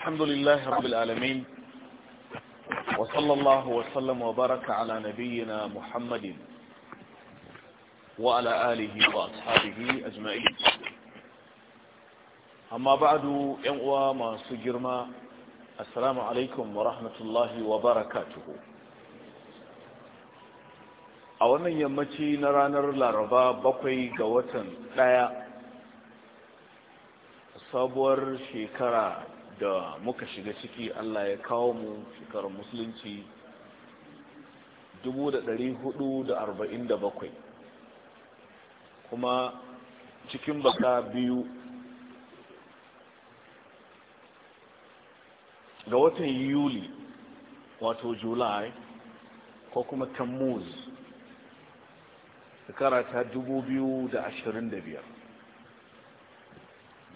الحمد لله رب العالمين وصلى الله وسلم وبارك على نبينا محمد وعلى آله وأصحابه أجمعين أما بعد ينقوى ما سجرما السلام عليكم ورحمة الله وبركاته a wannan yammaci na ranar laraba bakwai ga watan ɗaya sabuwar shekara da muka shiga ciki Allah ya kawo mu shekarar musulunci 1447 kuma cikin baka biyu ga watan yuli wato july ko kuma tammuz shekara ta 2025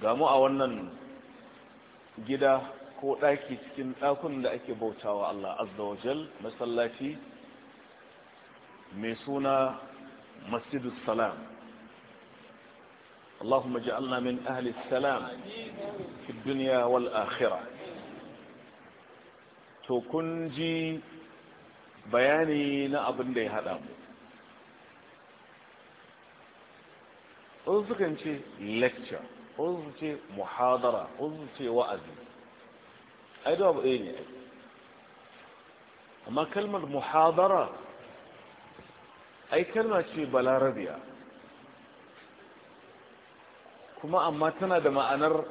ga mu a wannan gida ko ɗaki cikin ɗakun da ake bauta wa Allah masallaci mai suna masjidus salam Allahumma ja'alna min ahli salam fi duniya wal akhirah to kun ji bayani na abin da ya hada mu sukan ce lecture قلت محاضرة قلت وأذن أي دواب إيني يعني؟ أما كلمة محاضرة أي كلمة شيء بلا ربيا كما أما تناد ما أنر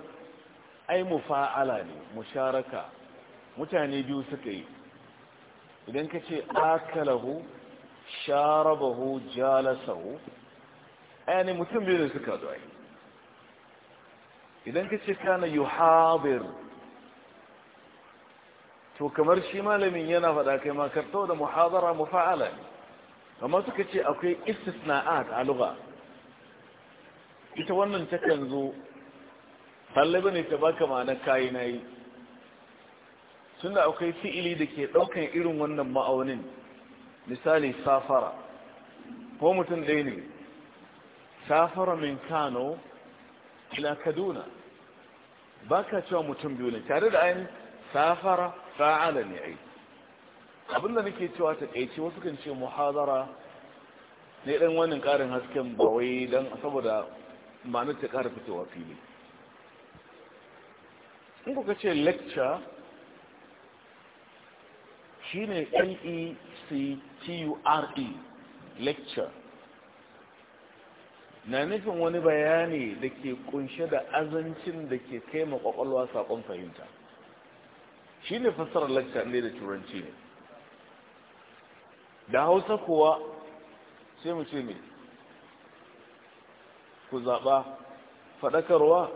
أي مفاعلة مشاركة متعني بيوسكي إذن كشي آكله شاربه جالسه يعني متنبيل سكادو أيني idan ka ce kana yuhadir to kamar shi malamin yana faɗa kai ma karto da muhadara mufa'ala ne amma suka ce akwai istisna'at a luga ita wannan takan zo tallaba ne ta baka ma'anar kayi na tunda akwai fi'ili da ke ɗaukan irin wannan ma'aunin misali safara ko mutum ɗaya ne safara min kano ila kaduna ba ka cewa mutum biyu ne tare da ayin safara fa'ala ne ai abinda nake cewa ta kaice wasu kan ce muhazara ne dan wannan ƙarin hasken ba wai dan saboda ma'anar ta ƙara fitowa fili in kuka ce lecture shine N e c t u r e lecture na nufin wani bayani da ke kunshe da azancin da ke kai ma kwakwalwa saƙon fahimta shi ne fassarar lakta ne da turanci ne da hausa kuwa sai mu ce mai ku zaɓa faɗakarwa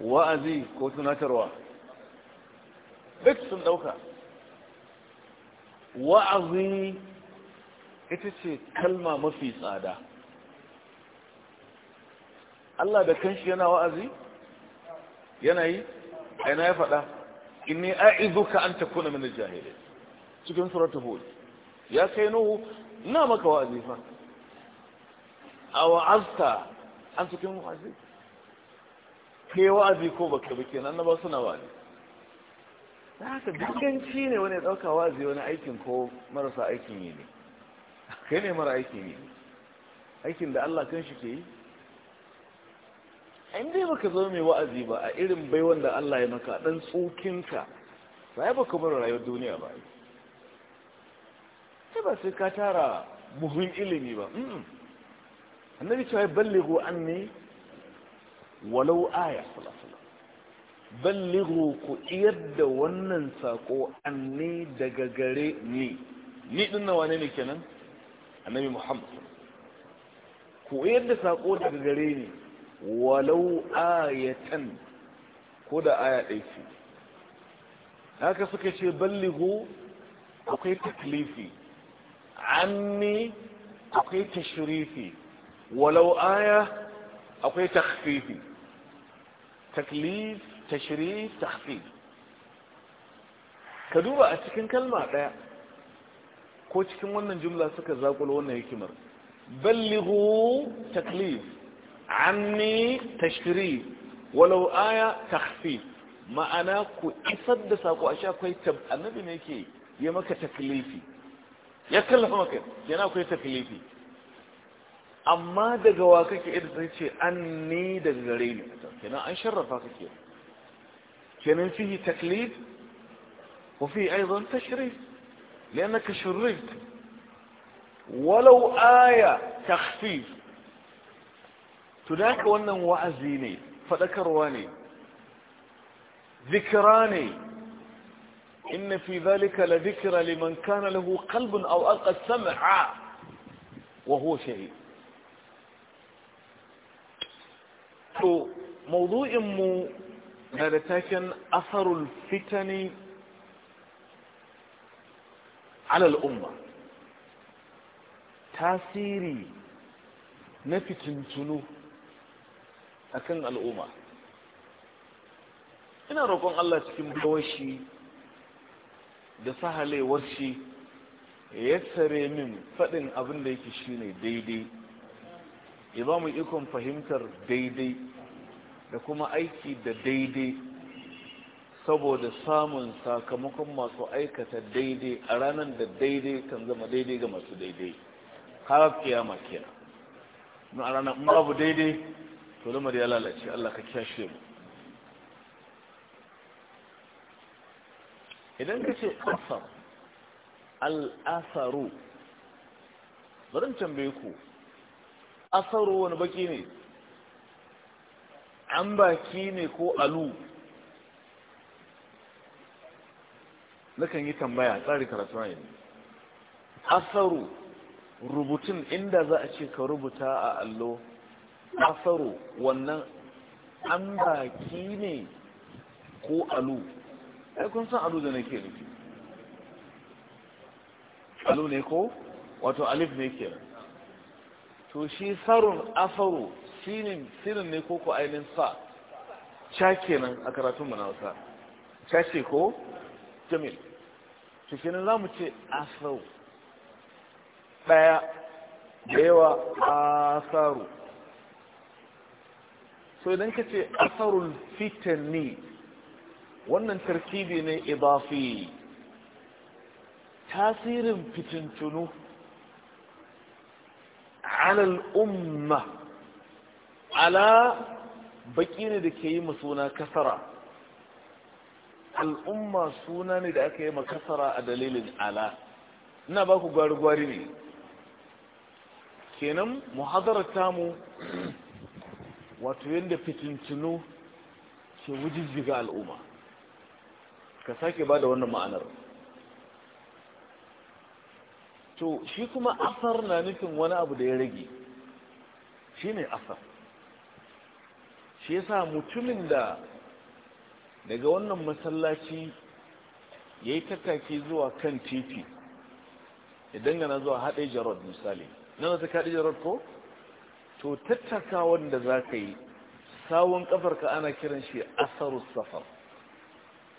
wa'azi ko tunatarwa duk sun ɗauka wa'azi ita ce kalma mafi tsada Allah da kanshi yana wa'azi yana yi aina ya faɗa inni a'izuka an takuna min al-jahilin cikin suratul hud ya kai nuhu ina maka wa'azi fa a wa'azta an cikin wa'azi kai wa'azi ko baka bi kenan na ba suna wa'azi da ka ganganci ne wani ɗauka wa'azi wani aikin ko marasa aikin yi ne kai ne mara aikin yi aikin da Allah kan shi ke yi in dai baka zama mai wa'azi ba a irin bai wanda Allah ya maka dan tsokinka sai baka bar rayuwar duniya ba sai ba sai ka tara muhimmin ilimi ba annabi cewa ballighu anni walau aya ballighu ku da wannan sako anni daga gare ni ni din nawa ne kenan annabi muhammad ku da sako daga gare ni walau ayatan ko da aya ɗaya ce haka suka ce ballihu akwai taklifi anni akwai tashrifi walau aya akwai takhfifi taklif tashrif takhfif ka duba a cikin kalma ɗaya ko cikin wannan jumla suka zakulo wannan hikimar ballihu taklif عمي تشري ولو آية تخفي ما أنا كإصد ساقو أشياء كوي تب النبي نيكي يمك تكليفي يكلف مك جنا كوي تكليفي أما دقواك كإذ سيشي أني دقرين كنا أنشرفك كير كان فيه تكليف وفيه أيضا تشريف لأنك شريفت ولو آية تخفيف to da haka wannan wa'azi ne faɗakarwa ne zikira ne inna fi zalika la zikira liman kana lahu qalbun aw alqa sam'a wa huwa shahid to mawdu'in mu na da taken asarul fitani ala al'umma tasiri na fitintunu akan al'umma ina roƙon Allah cikin bawashi da sahalewar shi ya tsare min faɗin abin da yake shine daidai ya ba mu ikon fahimtar daidai da kuma aiki da daidai saboda samun sakamakon masu aikata daidai a ranar da daidai kan zama daidai ga masu daidai har kiyama kenan a ranar babu daidai to lamar ya lalace Allah ka kyashe mu idan ka ce asar al'asaru barin tambaye ku asaru wani baki ne an baki ne ko alu nakan yi tambaya tsari karatu ne asaru rubutun inda za a ce ka rubuta a allo asaro wannan an baki ne ko alu ai kun san alu da nake nufi alu ne ko wato alif ne ke to shi sarun asaro sinin sinin ne ko ko ainihin sa cha kenan a karatun mu na wasa ca ce ko jamil to za mu ce asaro ɗaya da yawa asaru so idan ka ce asarul ne wannan tarkibi ne idafi tasirin fitintunu alal umma ala baki ne da ke yi suna kasara al'umma suna ne da aka yi ma kasara a dalilin ala ina ba ku gwari-gwari ne kenan muhadarar tamu wato yadda fitintunu ke wujijjiga al'umma ka sake ba da wannan ma'anar to shi kuma asar na nufin wani abu da ya rage shi ne asar shi yasa mutumin da daga wannan masallaci ya yi tattaki zuwa kan titi ya dangana zuwa haɗe jarod misali nan ta kaɗe jarod ko? to tattaka wanda za ka yi sawon ka ana kiran shi asarus safar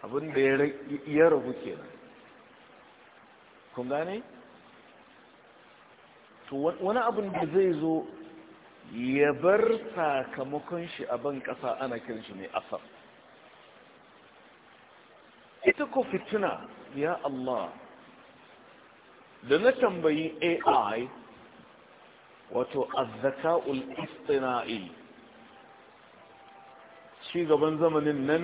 abinda ya rabu ke nan. kun gane? to wani abin da zai zo ya bar sakamakon shi a ban ƙasa ana kiran shi ne asar ita ko fituna ya Allah da na tambayi AI wato azzaka'ul istina'i ci gaban zamanin nan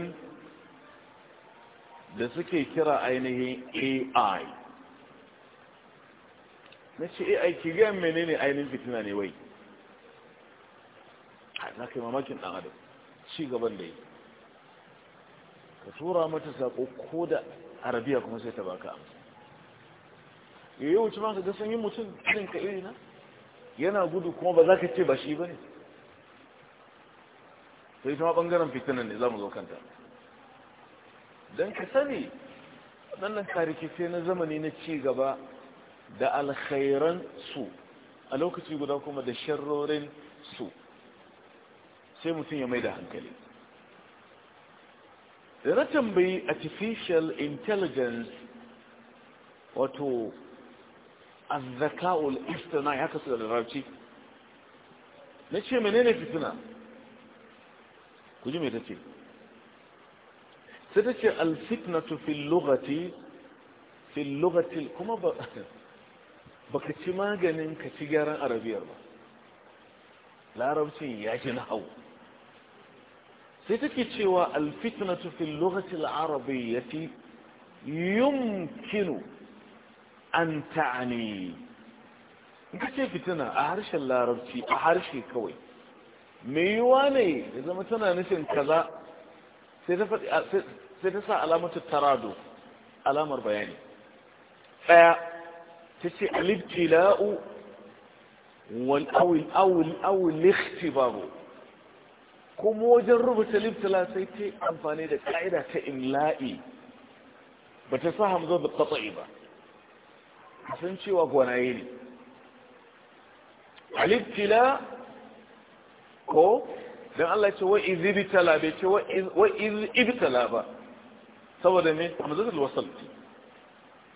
da suke kira ainihin ai na ce ai ki gaya menene ainihin fitina ne wai na kai mamakin ɗan adam ci gaban da yi ka tura mata saƙo ko da arabiya kuma sai ta baka amsa yau wuce ma ka ga yi mutum ɗin ka iri na yana gudu kuma ba za ka ce ba shi ba ne sai ta ɓangaren fitinan ne za mu zo kanta don ka sani waɗannan karikice na zamani na ci gaba da alkhairan su a lokaci guda kuma da sharrorin su sai mutum ya mai da hankali da na tambayi artificial intelligence wato azzaka'ul istinai ya kasu da larabci na ce menene fitina ku ji mai ta ce sai ta ce al alfitnatu fil lugati fil lugati kuma ba ka ci maganin ka ci gyaran arabiyar ba larabcin ya ji na hau sai ta ke cewa al alfitnatu fil lugati al-arabiyyati yumkinu an ta'ani in ka ce fitina a harshen larabci a harshe kawai mai yiwa ne ya zama tana nufin kaza sai ta sa alamatu tarado alamar bayani ɗaya ta ce la'u wal awil awil awil ikhtibaru kuma wajen rubuta liftila sai ta amfani da ka'ida ta imla'i ba ta sa hamza da katsa'i ba sun cewa gwanaye ne aliftila ko don Allah ce wai izibitala bai ce wai izibitala ba saboda me hamzatul wasal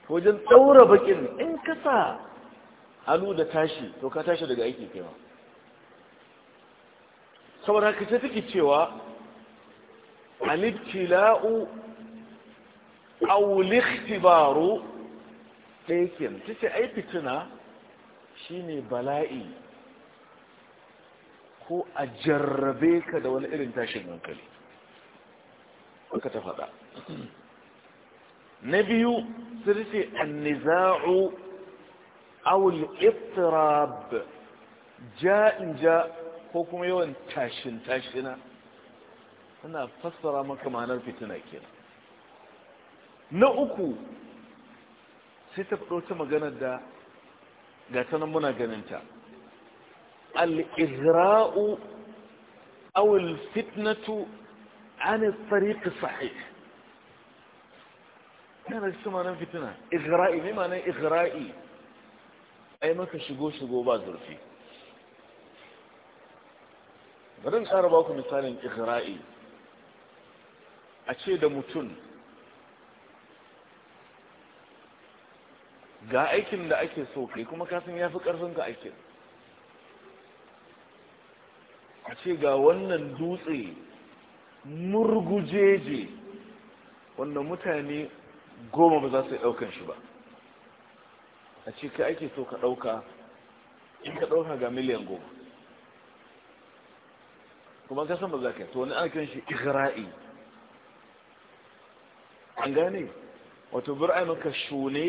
wajen tsaura bakin in kasa hannu da tashi to ka tashi daga aiki kewa saboda haka ce fiki cewa alibtila'u aw al ɗaya ta ce ai fitina shine bala'i ko a jarrabe ka da wani irin tashin hankali ka ta faɗa na biyu sun ce anniza'u awul iftirab in ja ko kuma yawan tashin tashina suna fassara maka ma'anar fitina kenan na uku sai ta faɗo ta maganar da ga ta muna ganinta al-ihra'u aw al-fitnatu an al-tariq sahih kana shi ma'anar fitina ighra'i me ma'anar ai maka shigo shigo ba zurfi bari in ƙara ba ku misalin ighra'i a ce da mutum ga aikin da ake so kai kuma kasan ya fi ƙarfin ka aikin a ce ga wannan dutse murgujeje wanda mutane goma ba za su ɗaukan shi ba a ce ka ake so ka ɗauka in ka ɗauka ga miliyan goma kuma kasan ba za ka yi to wani aikin shi igra'i an gane wato bir ai maka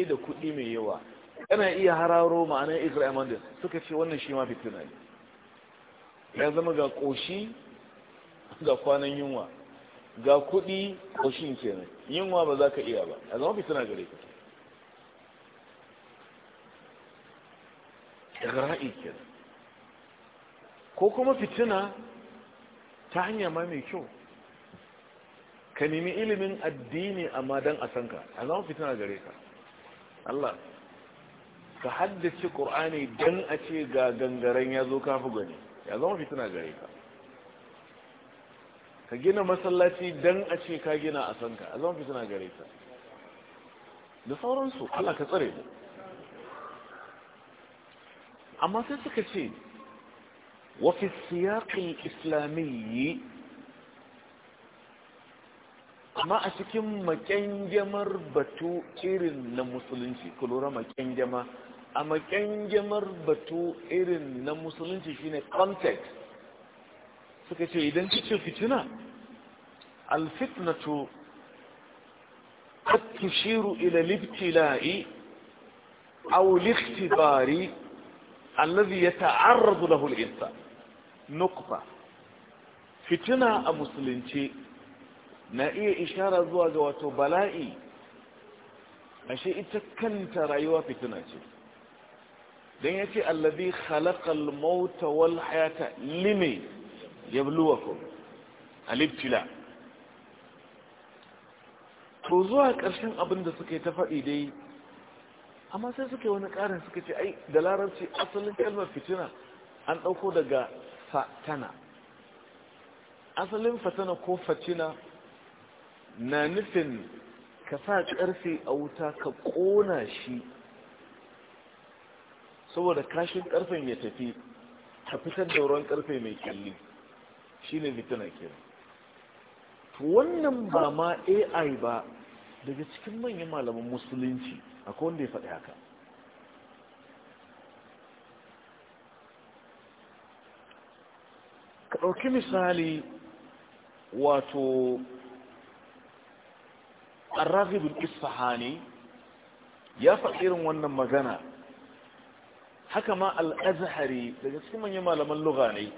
da kuɗi mai yawa kana iya hararo ma'anar ikraman da suka ce wannan shi ma fitina ne ya zama ga koshi ga kwanan yunwa ga kuɗi koshin kenan yunwa ba za ka iya ba ya zama fitina gare ka igra'i kenan ko kuma fitina ta hanya ma mai kyau ka nemi ilimin addini amma don a san ka a zama fitina gare ka Allah ka haddace ƙur'ani don a ce ga gangaren ya zo kafa gani ya zama fitina gare ka ka gina masallaci don a ce ka gina a san ka a zama fitina gare ka da sauransu Allah ka tsare amma sai suka ce wafi siyaƙin islamiyyi amma a cikin makyangyamar batu irin na musulunci ku lura makyangyama a makyangyamar batu irin na musulunci shine context suka ce idan ce fitina alfitnatu قد تشير إلى الابتلاء أو الاختبار الذي يتعرض له الإنسان نقطة فتنة مسلمتي na iya ishara zuwa ga wato bala'i ashe ita kanta rayuwa fitina ce don ya ce allabi halakal wal hayata lime ya alibtila to zuwa ƙarshen abin da suka ta faɗi dai amma sai suke wani ƙarin suka ce ai da larabci asalin kalmar fitina an ɗauko daga fatana asalin fatana ko fatina na nufin ka sa ƙarfe a wuta ka ƙona shi saboda kashin ƙarfen ya tafi ka fitar da ruwan ƙarfe mai kyalli shi ne fitina kira wannan ba ma ai ba daga cikin manyan malaman musulunci a wanda ya faɗi haka ka ɗauki misali wato arrahibin isfahani ya faɗirin wannan magana haka ma al’azahari daga cikin manyan malaman luga ne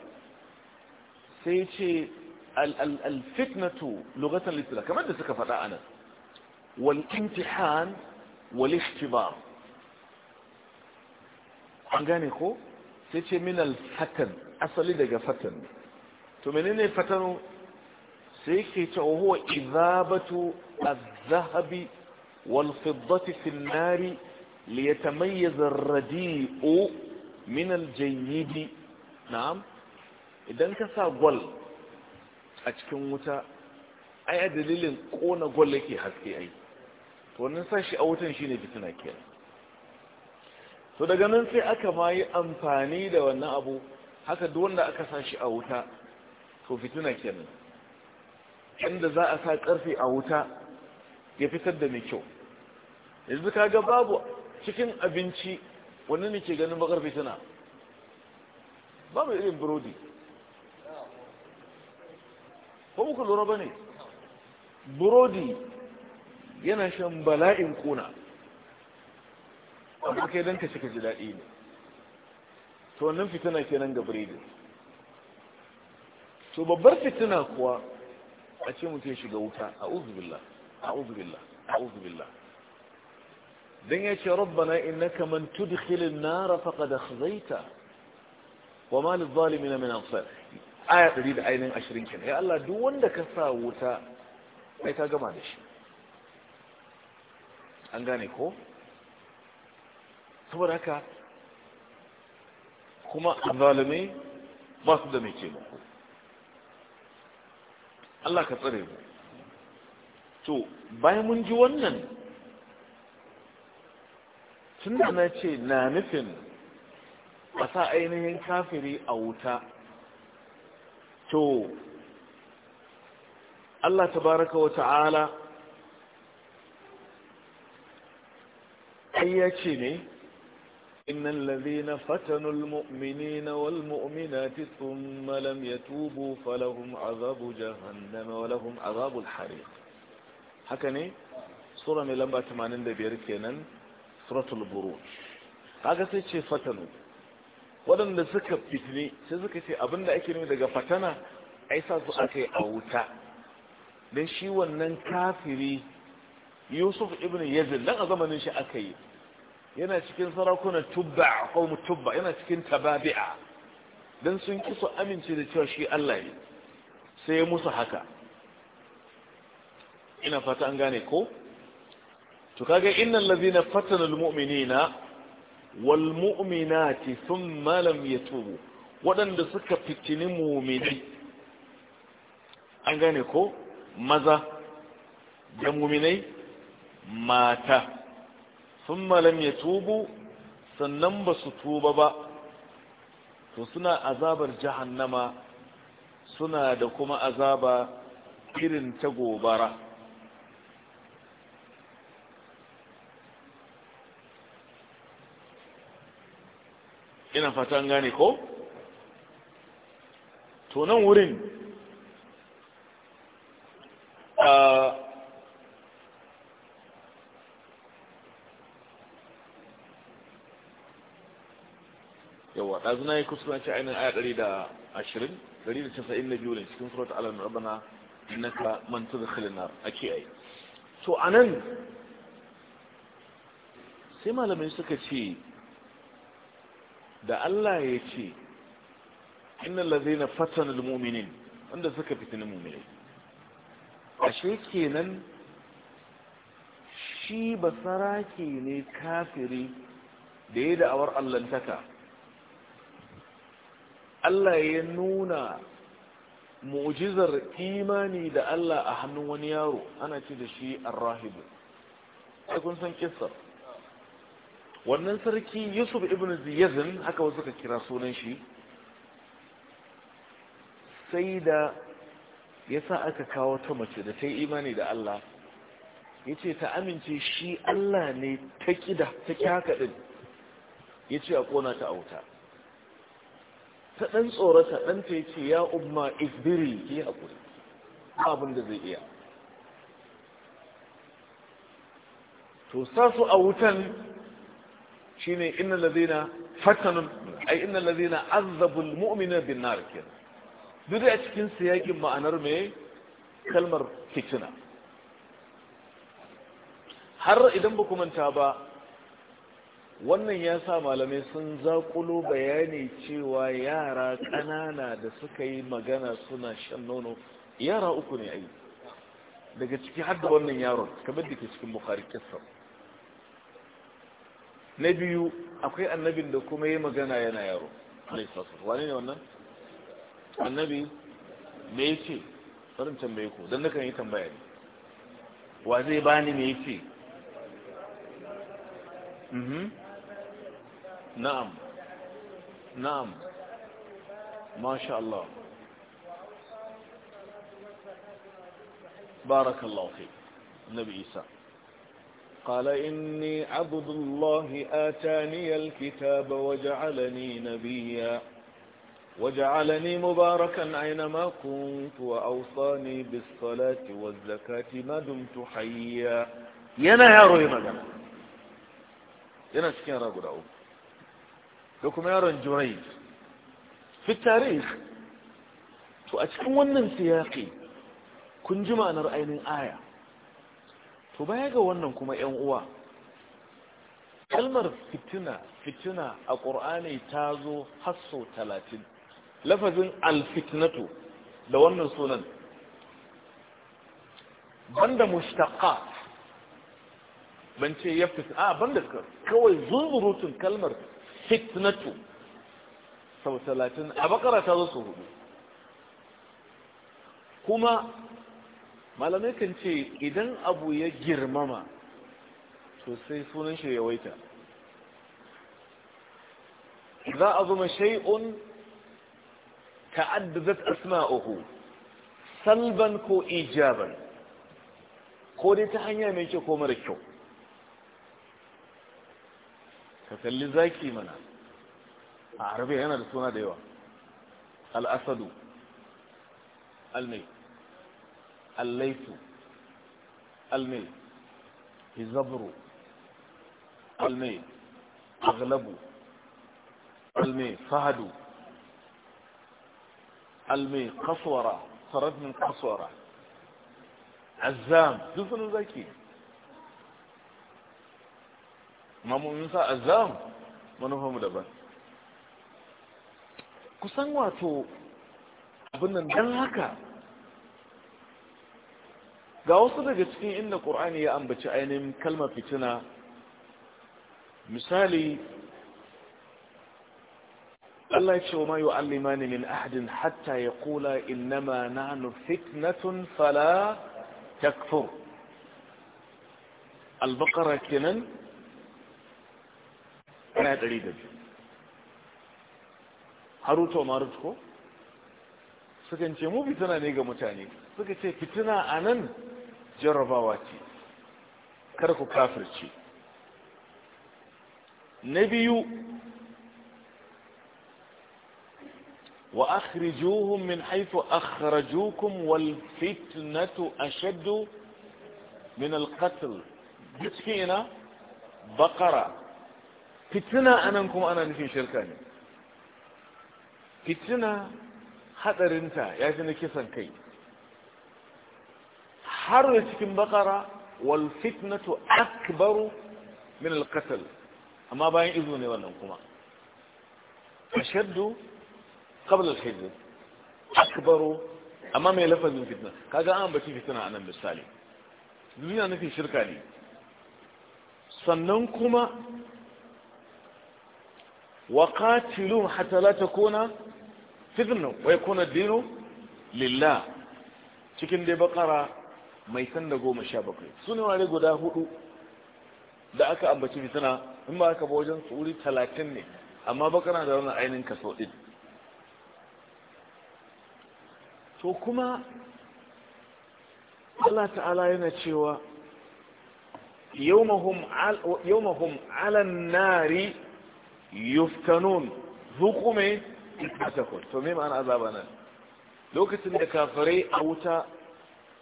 sai ce al’alfitnatu lugatan littura kamar da suka faɗa anan walƙintihan walishtibar an gane ko sai ce min al asali daga fatan to menene fatan. sai ke ta wahuwa izabatu a zahabi wal fiddati fi an-nari li yatamayyaza na'am idan ka sa gwal a cikin wuta ai a dalilin kona gwal yake haske ai to wannan sashi a wutan shine fitina ke to daga nan sai aka ma amfani da wannan abu haka duk wanda aka sa shi a wuta to fitina kenan inda za a sa karfe a wuta ya fitar da mai kyau yanzu kaga babu cikin abinci wani ne ke ganin bakar suna babu irin burodi ko muku lura ba ne burodi yana shan bala'in kuna amma kai don ka cika ji daɗi ne to wannan fitina nan ga biredin to babbar fitina kuwa a ce mutum ya shiga wuta a uzubillah a uzubillah a uzubillah don ya ce rabbana innaka man tudkhilin nara faqad akhzaita wa ma lil zalimin min ansar aya 100 da ainihin 20 kenan ya Allah duk wanda ka sa wuta kai ka gama da shi an gane ko saboda haka kuma zalimai ba su da mai taimako Allah ka tsare mu to bayan mun ji wannan tunda na ce na nufin ƙasa sa ainihin kafiri a wuta to Allah tabaraka wa ta'ala ai ya ce ne إن الذين فتنوا المؤمنين والمؤمنات ثم لم يتوبوا فلهم عذاب جهنم ولهم عذاب الحريق هكذا سورة من لمبا 85 kenan suratul buruj kaga sai ce fatanu waɗanda suka fitne sai suka ce abinda ake nufi daga fatana ai sa su aka yi a wuta don shi wannan kafiri yusuf ibn yazid nan a zamanin shi aka yi yana cikin sarakunan tubba a kawun tubba yana cikin tababi'a don sun ki su amince da cewa shi Allah ne sai musu haka ina fata an gane ko to kaga innal ladhina fatana almu'minina wal sun malam ya tubu waɗanda suka fitini mu'mini an gane ko maza da mu'minai mata sun malam ya tubu sannan ba su tuba ba to suna azabar jahannama suna da kuma azaba irin ta gobara ina fatan gane ko? to nan wurin a yawa ɗazu na yi kusurin ci ainihin aya ɗari da ashirin ɗari da casa'in da biyu ne cikin surat alamin rabana innaka man tudkhilna a kiyaye to anan sai malamai suka ce da Allah ya ce innal ladzina fatana almu'minin wanda suka fitini mu'minai ashe kenan shi basarake ne kafiri da ya da'awar allantaka Allah ya nuna mu'jizar imani da Allah a hannun wani yaro ana ce da shi arrahibu sai kun san kissa wannan sarki yusuf ibn ziyazin haka wasu ka kira sunan shi sai da ya sa aka kawo ta mace da ta yi imani da Allah ya ce ta amince shi Allah ne ta kida ta ƙi haka ya ce a ƙona ta auta ta ɗan tsorata ɗanta ya ce ya umma isbiri ki haƙuri abin da zai iya to sa su a wutan shine inna lazina fatanun ai inna lazina azabul mu'mina bin nar kenan duk da cikin siyakin ma'anar me kalmar fitina har idan ba manta ba wannan ya sa malamai sun zaƙulo bayani cewa yara ƙanana da suka yi magana suna shan nono yara uku ne ai daga ciki har da wannan yaron kamar da ke cikin bukari kisar na biyu akwai annabin da kuma yi magana yana yaro wani ne wannan annabi me ya ce farincin mai ku don nakan yi tambaya ne wa zai bani me ya ce mhm. نعم نعم ما شاء الله بارك الله فيك النبي عيسى قال إني عبد الله آتاني الكتاب وجعلني نبيا وجعلني مباركا أينما كنت وأوصاني بالصلاة والزكاة ما دمت حيا ينا يا روي مدن ينا سكين رجل أوب da kuma yaron jurai fi tarih to a cikin wannan siyaki kun ji ma'anar ainihin aya to baya ga wannan kuma 'yan uwa kalmar fitina fitina a ƙur'ani ta zo haso talatin lafazin alfitnatu da wannan sunan banda mushtaqa ban ce ya fita, a banda kawai zunzurutun kalmar fitnatu sau talatin a bakara ta zo su hudu kuma malamai kan ce idan abu ya girmama to sunan shi yawaita za a zuma shai'un asma uku salban ko ijaban ko dai ta hanya mai kyau ko mara kyau ka kalli zaki mana a arabiya yana da suna da yawa al'asadu almai allaitu almai hizabru almai aglabu almai fahadu almai kaswara sarrafin kaswara azam duk sunan zaki ne amma mun sa azam manufar mu daban kusan wato abin nan dan haka ga wasu daga cikin inda ƙur'ani ya ambaci ainihin kalmar fitina misali Allah ya ce wa ma yu'allimani min ahadin hatta ya kula innama nahnu fitnatun fala takfur al-baqara kenan aya ɗari da biyu ko sukan ce mu fitina ne ga mutane suka ce fitina a nan jarrabawa ce kar ku kafirce na biyu wa akhrijuhum min haythu akhrajukum wal fitnatu ashaddu min al qatl cikin ina baqara fitina anan kuma ana nufin shirka ne fitina hadarinta ya fi na kisan kai har da cikin bakara wal fitnatu akbaru min al amma bayan izo ne wannan kuma ashaddu qabla al-hijr akbaru amma mai lafazin fitna kaga an bace fitna anan misali duniya nufin shirka ne sannan kuma وقاتلوا حتى لا تكون takuna fitna الدين لله dinu cikin dai bakara mai san da goma sha bakwai su ne wani guda hudu da aka ambaci fitina in ba aka ba wajen tsuri talatin ne amma bakara da wani ainihin kaso ɗin to kuma Allah ta'ala yana cewa yawmahum alan nari yuftanun hukume mai takwas to me ma'ana azaba nan lokacin da kafirai a wuta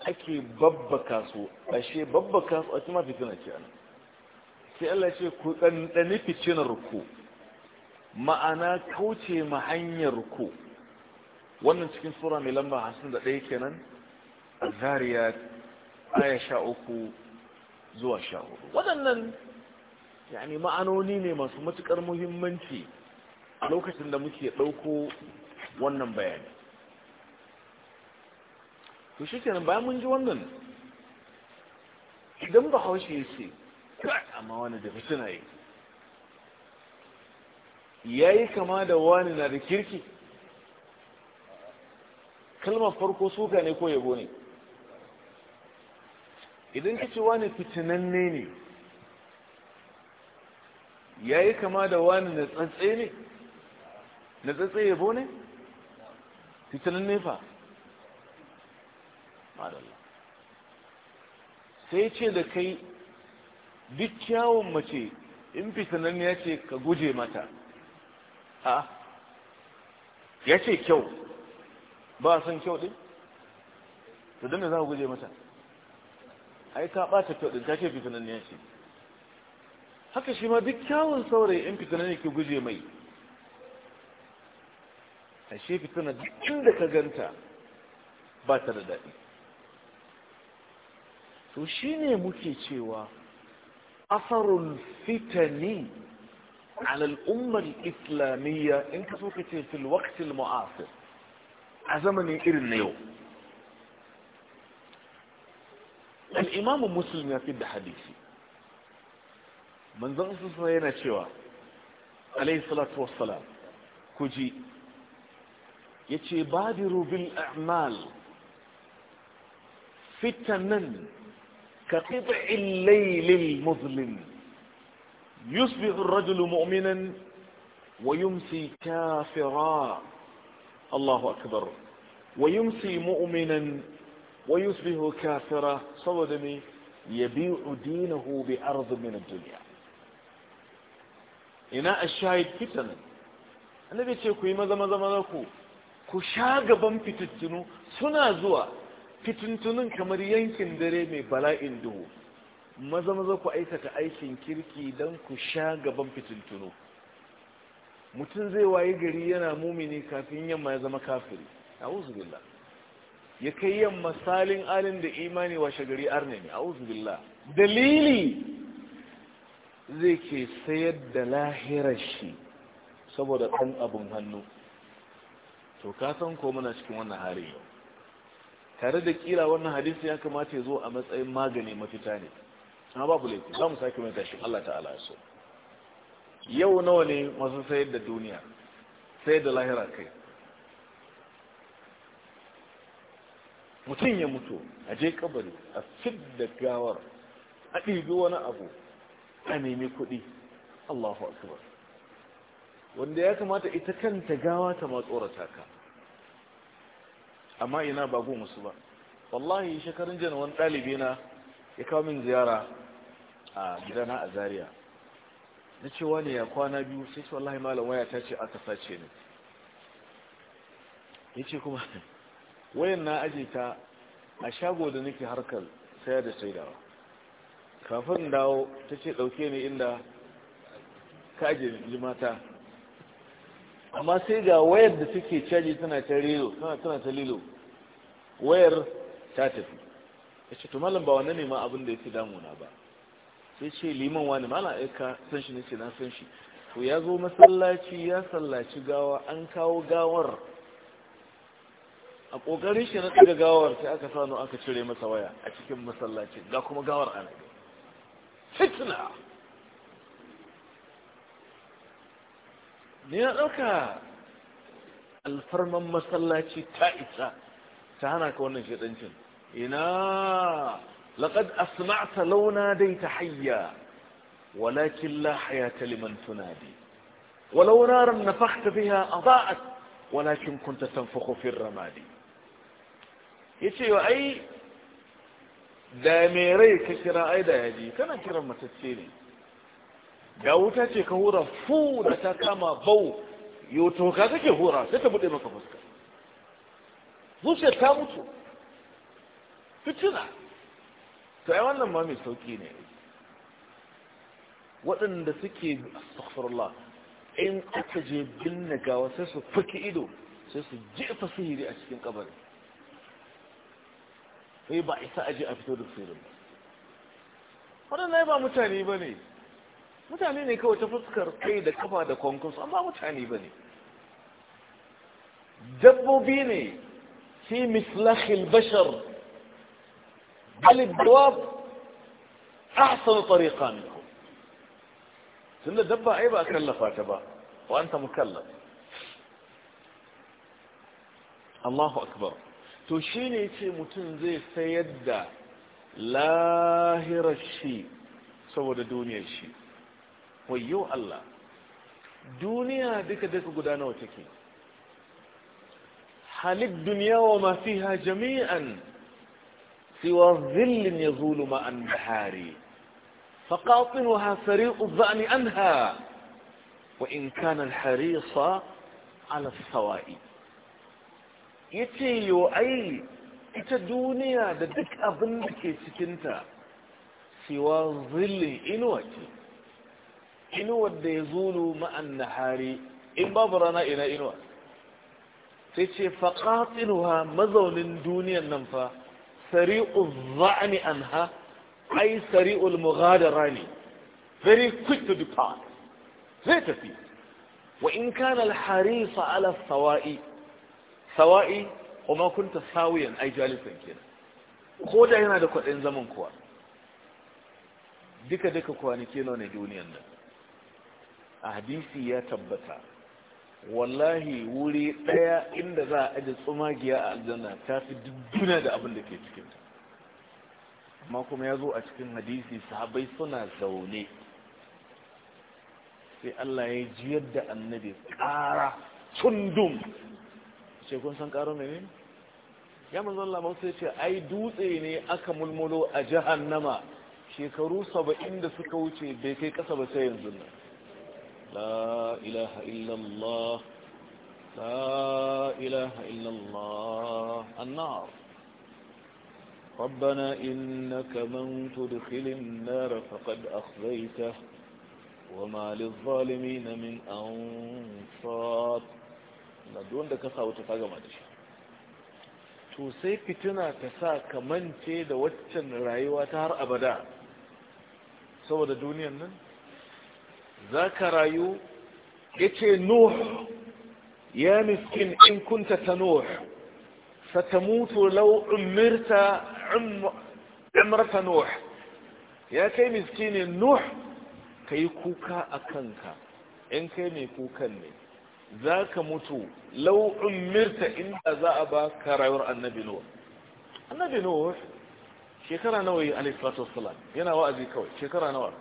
ake babbaka su ashe babbaka su a cima fitina ce ana sai Allah ce ku ɗanɗani fitinar ku ma'ana kauce ma hanyar ku wannan cikin sura mai lamba 51 kenan a zariyar aya sha uku zuwa sha hudu waɗannan yani ma'anoni ne masu matukar muhimmanci a lokacin da muke ɗauko wannan bayani to shi kenan bayan mun ji wannan idan ba haushe ya ce amma wani da fitina yi ya yi kama da wani na da kirki kalmar farko suka ne ko yabo ne idan ka ce wani fitinanne ne ya yi kama da wani na tsatse ne na tsatse yabo ne titanin nefa madalla sai ce da kai duk kyawun mace in fitilin ya ce ka guje mata a ya ce kyau ba son kyau ɗin to don da za ku guje mata ai ka ɓata kyau ɗin ta ce fitilin ya ce haka shi ma duk kyawun saurayi in fitina ne ke guje mai a shi fitina duk inda ka ganta ba ta da daɗi to shi ne muke cewa asarul fitani على الأمة الإسلامية انت سوكتي في الوقت المعاصر عزمني إرن يوم الإمام مسلم يفيد حديثي manzon sassa yana cewa alaihi salatu wassalam ku ji ya ce badiru bil a'mal fitanan ka ƙiɓa'in lailin muslim yusbihu rajulu mu'minan ويمسي كافرا الله أكبر ويمسي مؤمنا ويصبح كافرا صودني يبيع دينه بأرض من الدنيا ina a shahid fitan annabi ce ku yi maza maza maza ku ku sha gaban fitattunu suna zuwa fitintunun kamar yankin dare mai bala'in duhu maza maza ku aikata aikin kirki don ku sha gaban fitintunu mutum zai wayi gari yana mumini kafin yamma ya zama kafiri a'udhu billah ya kai yamma salin alin da imani washe gari arne ne dalili zai ke sayar da lahirar shi saboda ɗan abin hannu to kasan ko muna cikin wannan hari yau tare da kira wannan hadisi ya kamata ya zo a matsayin magani mafita ne ba babu laifi za mu sake mai tashin Allah ta'ala ya so yau nawa ne masu sayar da duniya sayar da lahira kai mutum ya mutu a je kabari a fit da gawar a ɗibi wani abu a nemi kuɗi Allahu akbar wanda ya kamata ita kanta gawa ta matsorata tsorata ka amma ina ba go musu ba wallahi shekarun janawar ɗalibi na ya kawo min ziyara a gidana a Zariya. na cewa ne ya kwana biyu sai ce wallahi malam waya ta ce aka sace ni ya ce kuma wayan na aje ta a shago da nake harkar sayar da saidawa kafin dawo ta ce ɗauke ne inda kaje ji mata amma sai ga wayar da suke caji tana ta lilo tana ta lilo wayar ta tafi ya ce to malam ba wannan ne ma abin da fi damuna ba sai ce liman wani mana aika san shi nace na san shi to ya zo masallaci ya sallaci gawa an kawo gawar a ƙoƙarin shi na tsaga gawar sai aka sanu aka cire masa waya a cikin masallaci ga kuma gawar ana فتنة يا نيوكا الفرم مسلاتي تائسة تانا كون شيطانشن إنا لقد أسمعت لو ناديت حيا ولكن لا حياة لمن تنادي ولو نارا نفخت بها أضاءت ولكن كنت تنفخ في الرمادي يتي أي da mai rai ka kira ai da yaji kana kiran matacce ne da wuta ce ka hura fu da ta kama bau yau to ka kake hura sai ta bude maka fuska zuciya ta mutu fitina to ai wannan ma mai sauki ne waɗanda suke astaghfirullah in aka je binne gawa sai su faki ido sai su jefa sihiri a cikin kabari kai ba isa aje a fito da sirrin ba waɗannan ba mutane ba ne mutane ne kawai ta fuskar kai da kafa da kwankwaso amma mutane ba ne dabbobi ne fi mislahil bashar alibdawab ahsan tariqa minkum tunda dabba ai ba kallafa ta ba wa anta mukallaf Allahu akbar to shi ne ce mutum zai sayar da lahirar shi saboda duniyar shi wayo Allah duniya duka duka guda nawa take halid duniya wa ma fiha jami'an siwa zillin yazulu ma an bahari فقاطنها سريع الظأن عنها وإن كان الحريص على sawa'i yace yo ai ita duniya da duk abin da ke cikinta cewa zillin inuwa ce inuwar da ya zulu ma'an hari in babu rana ina inuwa sai ce faƙaƙinuwa mazaunin duniyan nan fa sari'ul za'ani an ha ai sari'ul mughadara ne very quick to depart zai tafi wa in kana al-harisa ala sawa'i sawa'i kuma kunta sawiyan ai jalisan kenan ko da yana da kwaɗin zaman kuwa duka duka kwanaki nawa ne duniyan nan a hadisi ya tabbata wallahi wuri ɗaya inda za a aje tsumagiya a aljanna ta fi duniya da abin da ke cikinta amma kuma ya zo a cikin hadisi sahabai suna zaune sai Allah ya jiyar da annabi ƙara tundum ce kun san ƙaro ne ne ya manzon Allah ba sai ce ai dutse ne aka mulmulo a jahannama shekaru saba'in da suka wuce bai kai kasa ba sai yanzu nan la ilaha illallah la ilaha illallah annar ربنا إنك من تدخل النار فقد أخذيته وما للظالمين من أنصار sunna don da ka wuta ta gama da shi to sai fitina ta sa ka mance da waccan rayuwa ta har abada saboda duniyan nan za ka rayu ya ce nuh ya miskin in kunta ta nuh mutu lau'un mirta imrata nuh ya kai miskinin nuh ka yi kuka a kanka in kai mai kukan ne za ka mutu lau'un mirta inda za a ba ka rayuwar annabi nuwa annabi nuwa shekara nawa yi alaihissalatu wassalam yana wa'azi kawai shekara nawa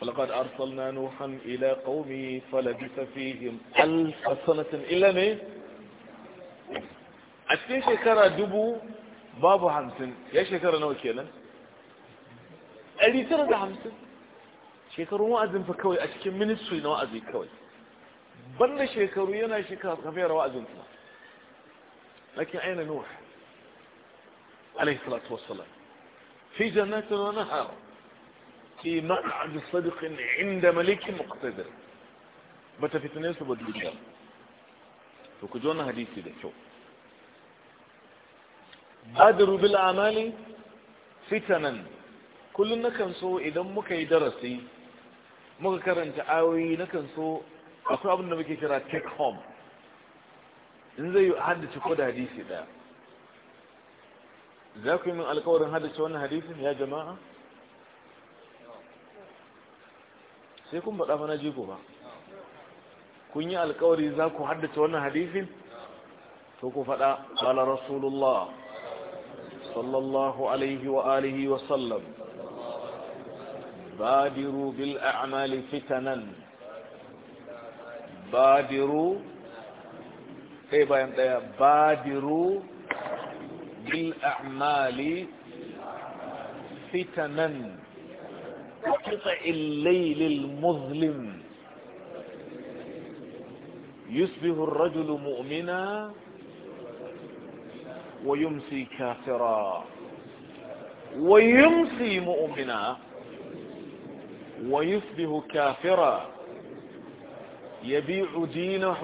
falakad arsalna nuhan ila qaumi falabisa fihim alfa sanatin illa ne a cikin shekara dubu babu hamsin ya shekara nawa kenan ɗari tara da hamsin shekarun wa'azin fa kawai a cikin ministry na wa'azi kawai banda shekaru yana shekara kafiyar wa'azin kuma lakin aina nuh alayhi salatu wassalam fi jannatin wa nahar fi ma'ad sadiq inda malik muqtadir bata fitne su ba duniya to ku ji wannan hadisi da kyau badiru bil amali fitanan kullun nakan so idan muka yi darasi muka karanta ayoyi na kan so akwai abin da muke kira take home in zai yi haddace ko da hadisi ɗaya. za ku yi min alkawarin haddace wannan hadisin ya jama'a sai kun faɗa mana jiko ba kun yi alkawari za ku haddace wannan hadisin to ku faɗa ƙala rasulullah sallallahu alaihi wa alihi wa sallam بادروا بالأعمال فتنا بادروا كيف إيه بايام بادروا بالأعمال فتنا قطع الليل المظلم يصبح الرجل مؤمنا ويمسي كافرا ويمسي مؤمنا ويصبح كافرا يبيع دينه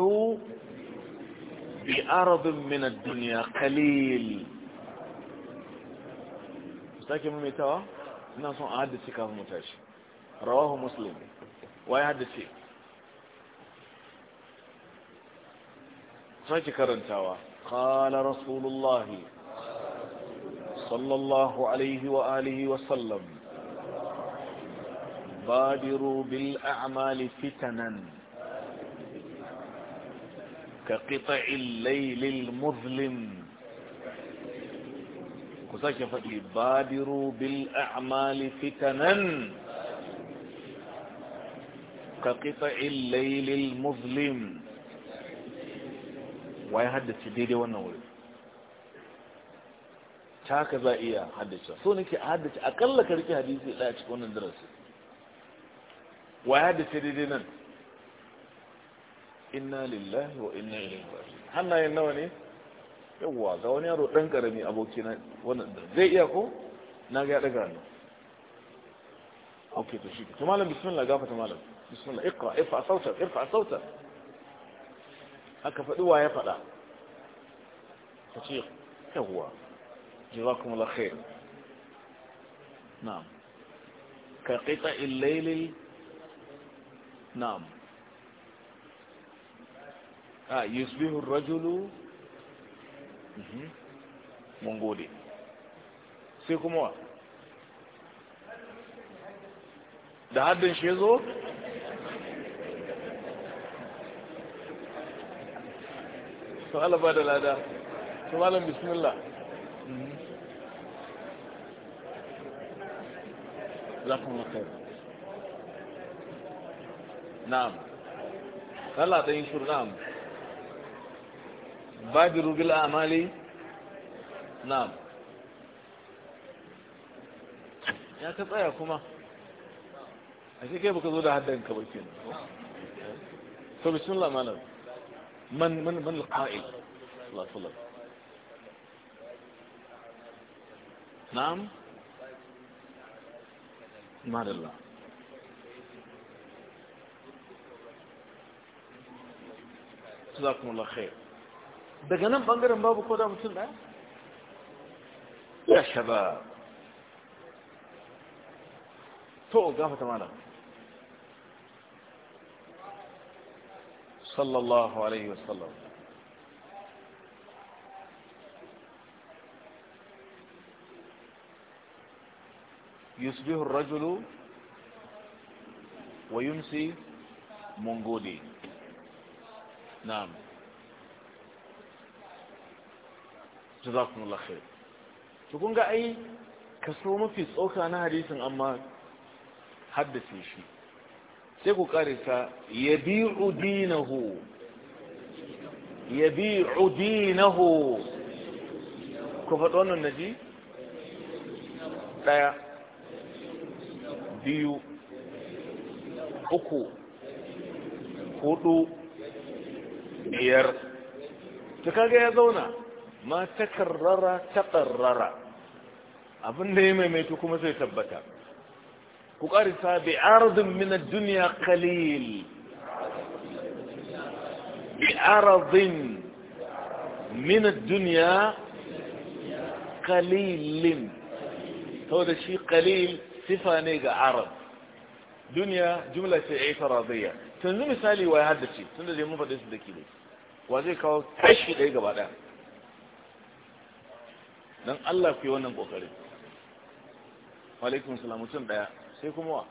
بأرض من الدنيا قليل مستكي من ميتوا ناسو عادسي كاف متاش رواه مسلم واي عادسي مستكي كارنتوا قال رسول الله صلى الله عليه وآله وسلم بادروا بالأعمال فتنا كقطع الليل المظلم كساك بادروا بالأعمال فتنا كقطع الليل المظلم ويحدث ديدي والنور ta haka za iya haddace so nake haddace akalla ka rike hadisi وهذا سيدنا إنا لله وإنا إليه راجعون هل ينوني يوا غون يا رودن كرمي ابوكينا ونن زي يكو ناغي ادغا اوكي تشيك ثم بسم الله غافه ثم بسم الله اقرا ارفع صوتك ارفع صوتك هكا فدوا يا تشيك يوا جزاكم الله خير نعم كقطع الليل na'am a ah, yusbihu rajulu mun gode sai kuma wa da haddin shi zo su alaba da lada su za kuma نعم هلا تنشر نعم بادروا بالأعمال نعم يا كتا يا كما أشي كيف كذو ده حدين كبيرين فبسم الله مانا من من من القائل الله صلى الله نعم مال الله جزاكم الله خير دغنم بنگرم باب کو دا مسل دا يا شباب تو گاف تمالا صلى الله عليه وسلم يصبح الرجل ويمسي منقودين نعم جزاكم الله خير اي كسو mafi tsoka na hadisin amma haddace shi sai ku karisa yabi'u dinahu yabi'u dinahu ku faɗi wannan naji ɗaya biyu uku huɗu. biyar ta kaga ya zauna ma ta karrara ta karrara abin da ya maimaito kuma sai tabbata ku karisa bi ardin min ad-dunya qalil bi ardin min ad-dunya qalil saboda shi qalil sifa ne ga arab duniya jumla ce ai faradiyya tunzu misali wai haddace tunda dai mun faɗe su dake dai wa zai kawo kashi ɗaya gaba ɗaya don Allah ku yi wannan ƙoƙarin walaikun salam ɗaya sai kuma wa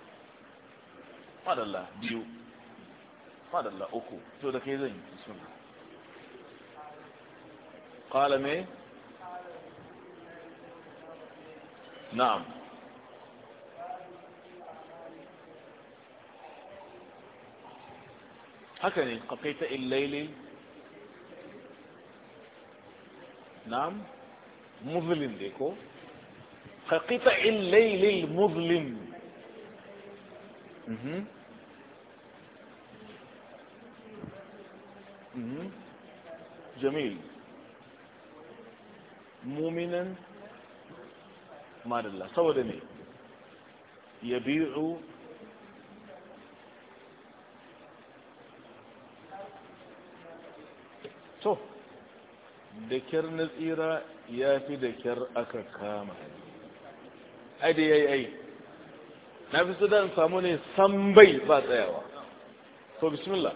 madalla biyu madalla uku to da kai zan yi suna. qala me na'am haka ne qafaita illaili نعم مظلم ديكو قطع الليل المظلم مهم. مهم. جميل مؤمنا مال الله صورني يبيع شوف da kyar na tsira ya fi da kyar aka kama ai da yayi ai na fi su dan samu ne san bai ba tsayawa to bismillah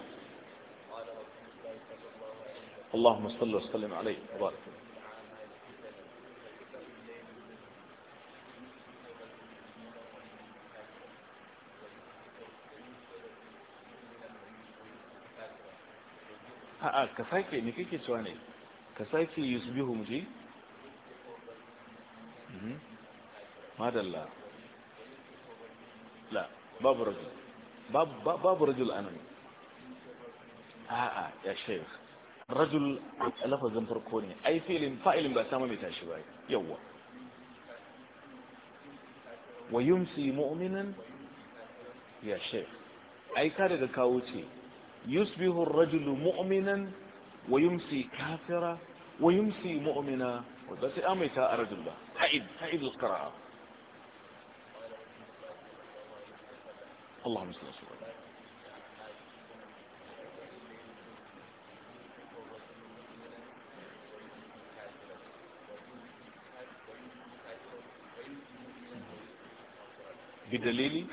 اللهم صل وسلم عليه وبارك a'a ka sake ni kake cewa ne ka sake yusbihu mu ji mhm. madalla la babu rajul babu rajul anan a'a ya shaykh rajul lafazin farko ne ai filin fa'ilin ba samu mai tashi ba yawwa wa yumsi mu'minan ya shaykh ai ka daga kawo ce yusbihu ar-rajulu mu'minan ويمسي كافرة ويمسي مؤمنة بس أمتى أرد الله حيد حيد القراءة اللهم صل وسلم بدليلي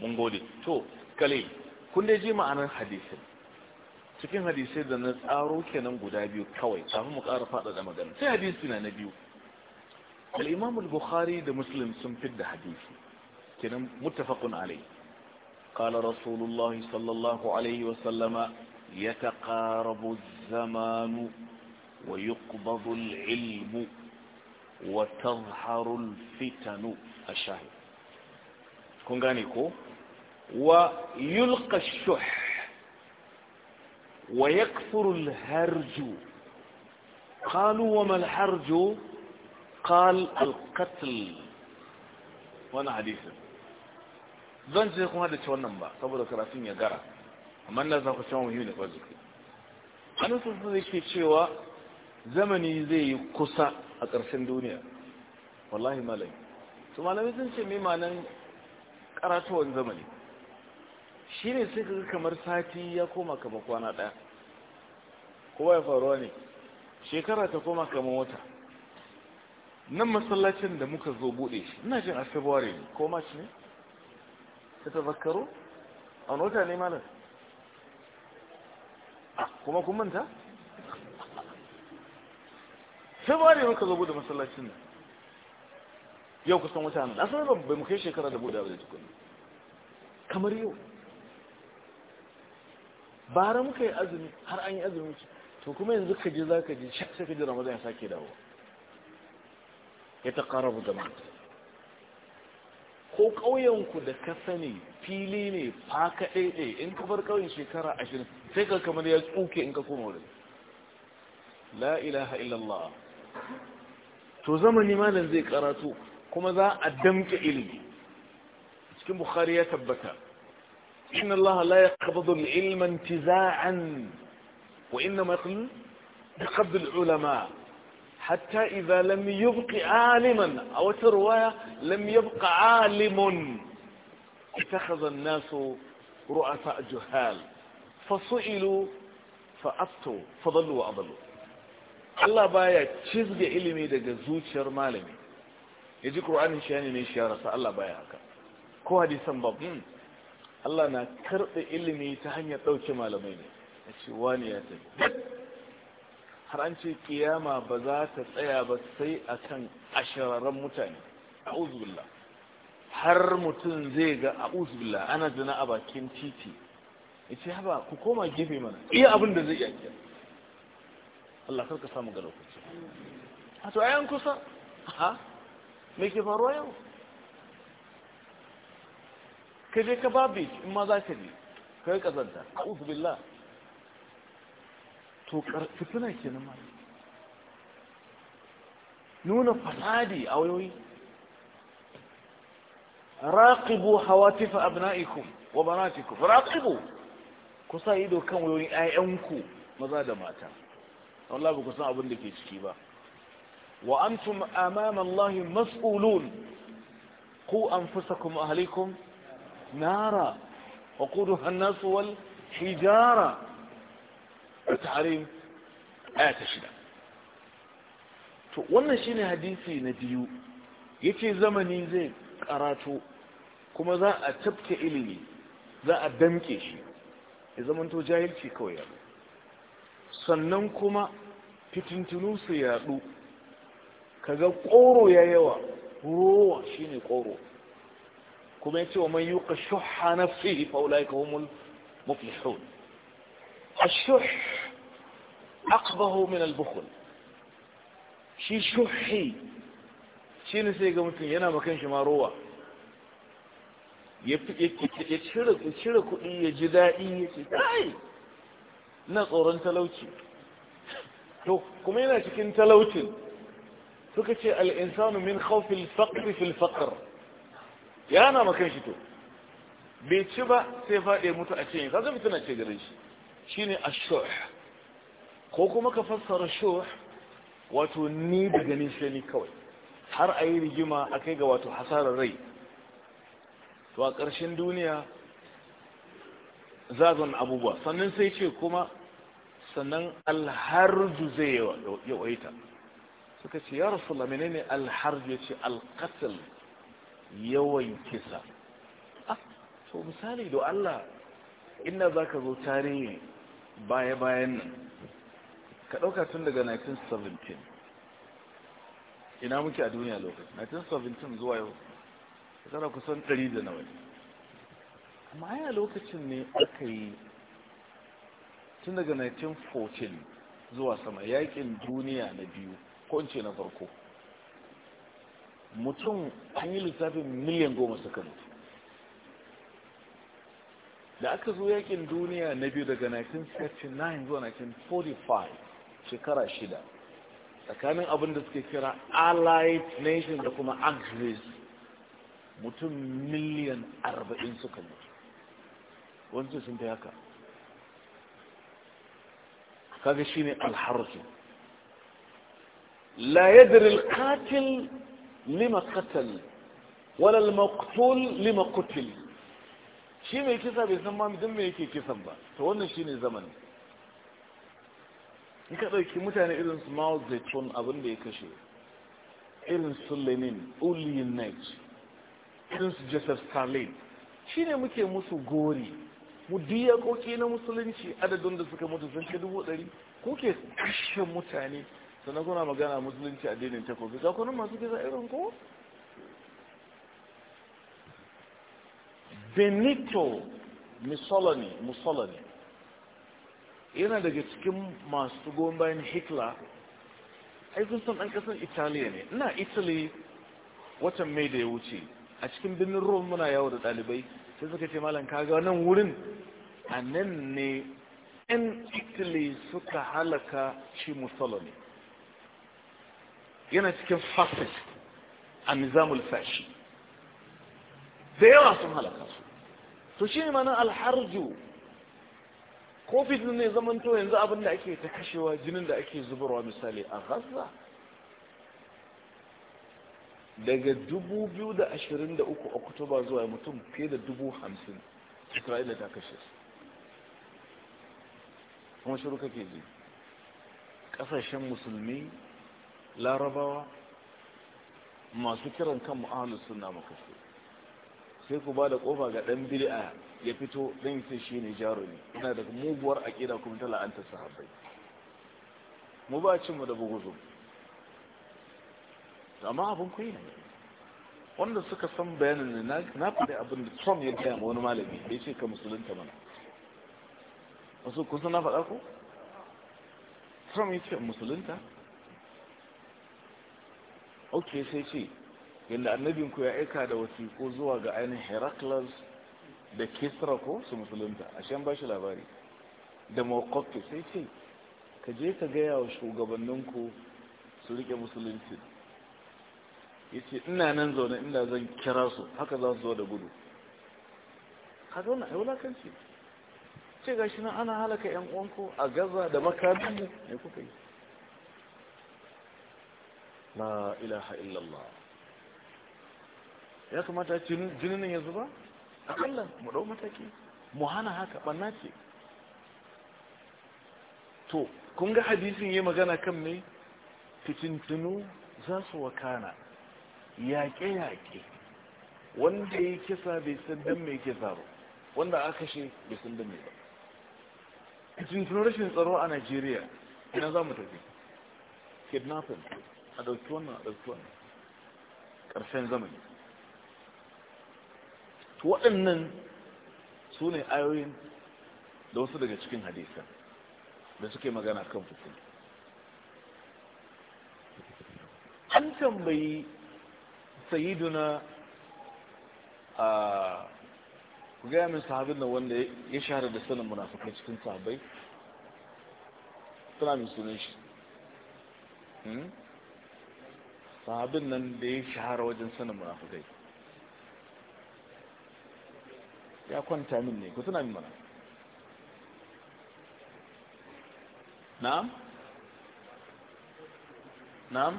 منقولي تو كليل kun dai ji ma'anar hadisin cikin hadisai da na tsaro kenan guda biyu kawai kafin mu ƙara faɗaɗa magana sai hadisi na na biyu al al-bukhari da muslim sun da hadisi kenan muttafaqun alai. kala rasulullah sallallahu alaihi wa sallama yataqarabu az-zamanu wa yuqbadu al-ilmu wa tazharu al-fitanu ash kun gane ko ويلقى الشح ويكثر الهرج قالوا وما الحرج قال القتل وانا حديثا زن جيكم هذا شوان نمبا صبر كراسين يقرأ أما الناس نقول شوان مهمين فازك أنا سلطة في شوى زمني زي قصة أكرسين دونيا والله ما لي ثم أنا بزن شمي معنى كراسوان زمني shi ne sai kaga kamar sati ya koma kama kwana ɗaya kowa ya faruwa ne shekara ta koma kama wata nan masallacin da muka zo buɗe shi ina jin a february ne ko march ne ta tafakkaro a wani wata ne malam ah, kuma kun manta february muka zo buɗe masallacin nan yau kusan wata nan asalin ban bai mu kai shekara da buɗe abu da tukuni kamar yau bara muka yi azumi har an yi azumi to kuma yanzu ka je za ka je sai ka ji ramadan ya sake dawo ya ta ƙara bu gama ko ƙauyenku da ka sani fili ne faka ɗaiɗe in ka bar ƙauyen shekara ashirin sai ka kamar ya tsuke in ka koma wurin la ilaha illallah to zamani malam zai karatu kuma za a damke ilimi cikin bukhari ya tabbata إن الله لا يقبض العلم انتزاعا وإنما يقول بقبض العلماء حتى إذا لم يبق عالما أو ترواية لم يبق عالم اتخذ الناس رؤساء جهال فسئلوا فأبتوا فضلوا وأضلوا الله بايا تشزق علمي daga zuciyar شر مالمي يجي قرآن ne نيشي يا رسال الله بايا haka ko Allah na karɓe ilimi ta hanyar ɗauke malamai ne a ce wani ya tafi har an ce kiyama ba za ta tsaya ba sai a kan ashirarren mutane a uzubillah har mutum zai ga a uzubillah ana zina a bakin titi ya ce haba ku koma gefe mana iya abin da zai iya kiyar Allah karka samu ga lokaci a to ayan kusa ha me ke faruwa yau ka je ka ba beach in ma za ka je ka yi kazanta a uzubillah to fitina ke nan ma nuna fasadi a wayoyi raqibu hawatifa abna'ikum wa banatikum raqibu ku sa ido kan wayoyin 'ya'yanku maza da mata Allah ba ku san abin da ke ciki ba wa antum amama Allah mas'ulun ku anfusakum ahlikum نارا وقودها الناس والحجارة التحريم آية شدا wannan shine hadisi na biyu yace zamani zai karatu kuma za a tafke ilimi za a damke shi ya zamanto jahilci kawai sannan kuma fitintunu su yadu kaga koro ya yawa rowa shine koro كميتي ومن يوق الشح نفسه فأولئك هم المفلحون الشح أقبه من البخل شي شحي شي نسيق مثل ينا ما كانش ما روى يتشرك يتشرك إيه جدائي جدائي نقر انت لوتي تو كمينا شك انت لوتي تو الإنسان من خوف الفقر في الفقر ya na ma shi to bai ci ba sai faɗe mutu a cikin kaga fitina ce gare shi shi shine ashuh ko kuma ka fassara shuh wato ni da ganin shi ne kawai har a yi rigima a kai ga wato hasarar rai to a ƙarshen duniya zan abubuwa sannan sai ce kuma sannan alharju zai yawaita suka ce ya rasu lamini ne alharju ya ce alkatil yawan kisa ah, to misali do Allah inda za ka zo tarihi baya-bayan nan ka ɗauka tun daga 1917 ina muke a duniya lokaci 1917 zuwa yau tsara kusan 100 da nawa amma aya lokacin ne aka yi tun daga 1914 zuwa sama yakin duniya na biyu ko na farko mutum an yi lissafin miliyan goma suka da aka zo yakin duniya na biyu daga 1939 zuwa 1945 shekara shida tsakanin abin da suke kira allied nations da kuma axis mutum miliyan 40 sukan yi. wancan sun fi haka kaga shi ne alharsu la yadda rilkatin lima qatal walal maqtul lima qutil shi mai kisa bai san ma dan yake kisan ba to wannan shine zaman in ka dauki mutane irin su Mao Zedong abin da ya kashe irin su Lenin Ulyanich irin su Joseph Stalin shine muke musu gori mu diya koki na musulunci adadin da suka mutu sun kai dubu ɗari kuke kashe mutane sannan kuna magana musulunci addinin takobi ga kunan masu kisa irin ko benito mussolini mussolini yana daga cikin masu goyon bayan hitler aikin son ɗan ƙasar italiya ne ina italy watan mai da ya wuce a cikin birnin rome muna yawo da ɗalibai sai suka ce malam kaga nan wurin a nan ne 'yan italy suka halaka ci mussolini yana cikin fasid a nizamul fashi da yawa sun halaka su to shi ne manan alharju covid ne zaman to yanzu abin da ake ta kashewa jinin da ake zubarwa misali a gaza daga 2023 oktoba zuwa mutum fiye da 50,000 isra'ila ta kashe su kuma shiru kake ji kasashen musulmi larabawa masu kiran kan mu'ahalus suna makasai sai ku ba da ƙofa ga ɗan bil'a ya fito ɗan sai shi ne jaro ne yana daga muguwar aƙida kuma ta la'anta sahabbai mu ba cin mu da zo. amma abin kuyi ne wanda suka san bayanin ne na faɗi abin da trump ya gaya wani malami ya ce ka musulunta mana wasu san na faɗa ko trump ya ce musulunta ok sai ce yadda annabinku ya aika da wasiƙo zuwa ga ainihin heraclus da kisra ko su musulunta a shan ba labari da mawakofi sai ce ka je ka gaya wa shugabanninku su rike musulunci ya ce ina nan zaune inda zan kira su haka za su zo da gudu ka zaune a wulakanci ce ga shi nan ana halaka 'yan uwanku a gaza da makamin ne kuka yi la ilaha illallah ya kamata jinin ya zuba akalla mu dau mataki mu hana haka banna ce to kun ga hadisin yi magana kan me fitintunu za su wakana yaƙe-yaƙe wanda ya kisa bai san dan mai kisa ba wanda aka shi bai san dan mai ba fitintunu rashin tsaro a Najeriya ina za mu tafi kidnapping a ɗauki wannan a ɗauki wannan ƙarshen zamani to waɗannan su ne ayoyin da wasu daga cikin hadisan da suke magana kan fitin an tambayi sayiduna a ku gaya min sahabin nan wanda ya shahara da sanin munafukai cikin sahabai suna min sunan shi hmm? sahabin nan da ya shahara wajen sanin munafukai ya kwanta min ne ku tuna min mana na'am na'am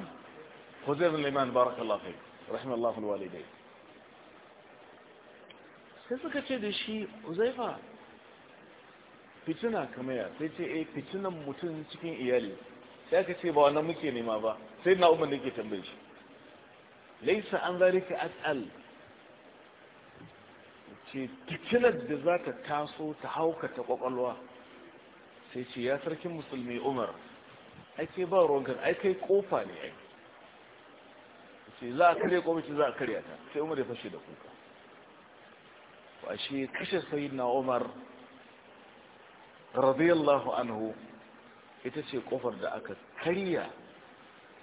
huzair liman barakallahu fi rahimallahu alwalidai sai suka ce da shi fituna fitina ya sai ce a eh, fitunan mutum cikin iyali sai aka ce ba wannan muke nema ba sai na umar da ke tambaye shi laisa an zarika as'al ce fitilar da za ta taso ta hauka ta kwakwalwa sai ce ya sarkin musulmi umar ake ba ruwankan ai kai kofa ne ai ce za a karya ce za a karya ta sai umar ya fashe da kuka wa shi kashe sayin na umar radiyallahu anhu ita ce kofar da aka karya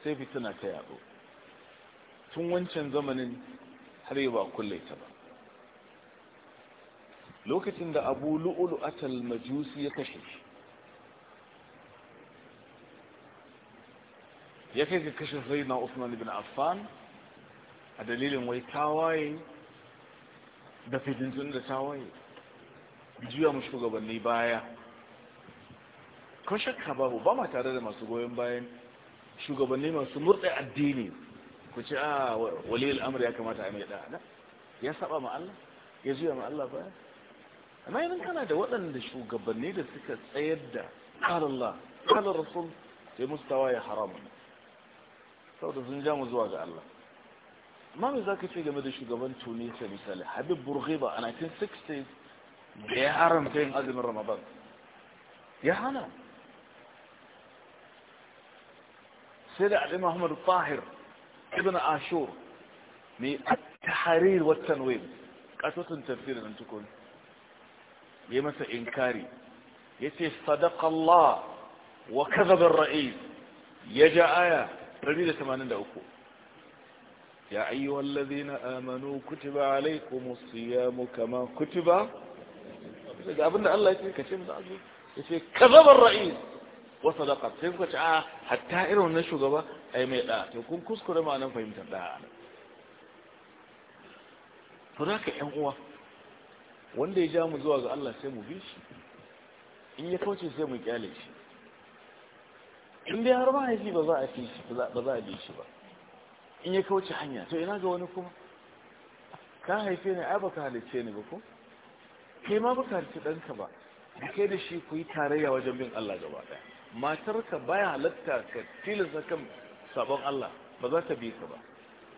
sai fitina ta yaɗo tun wancan zamanin har yi ba kulle ta ba lokacin da abu lu'ulu atal majusi ya kashe shi ya kai ga kashe sai na usman ibn affan a dalilin wai tawaye da fitintun da tawaye juya mu shugabanni baya ko shakka babu ba ma tare da masu goyon bayan shugabanni masu murɗe addini ku ce a waliyul amr ya kamata a mai da ya saba ma Allah ya juya ma Allah baya amma idan kana da waɗanda shugabanni da suka tsayar da qala Allah qala rasul sai mustawa ya haramu saboda sun ja mu zuwa ga Allah amma me zaka ce game da shugaban Tunisia misali Habib Bourguiba a 1960 da ya haramta yin azumin Ramadan ya hana sai da Ali Muhammad Tahir ibn ashur mai taharir watan wayo katotin tafsirin nan tukun ya masa inkari ya ce sadakallah wa kazabin ra'is ya ja aya 183 ya ayyuwan lazina amanu kutuba alaikumus siyamu kama kutuba abinda Allah ya ce ka azu ya ce kazabin ra'is wa sadaqa sai kuka a ah, hatta irin wannan shugaba ai mai da to kun kuskure ma nan fahimtar da to ka yan uwa wanda ya ja mu zuwa ga Allah sai mu bi shi in ya kauce sai mu kyale shi in dai har mahaifi ba za a fi shi ba za a bi shi ba in ya kauce hanya to ina ga wani kuma ka haife ni ai ka halice ni ba ko kai ma baka halice ɗanka ba kai da shi ku yi tarayya wajen bin Allah gaba ɗaya matarka baya halatta ka tilasta kan sabon Allah ba za ta bi ka ba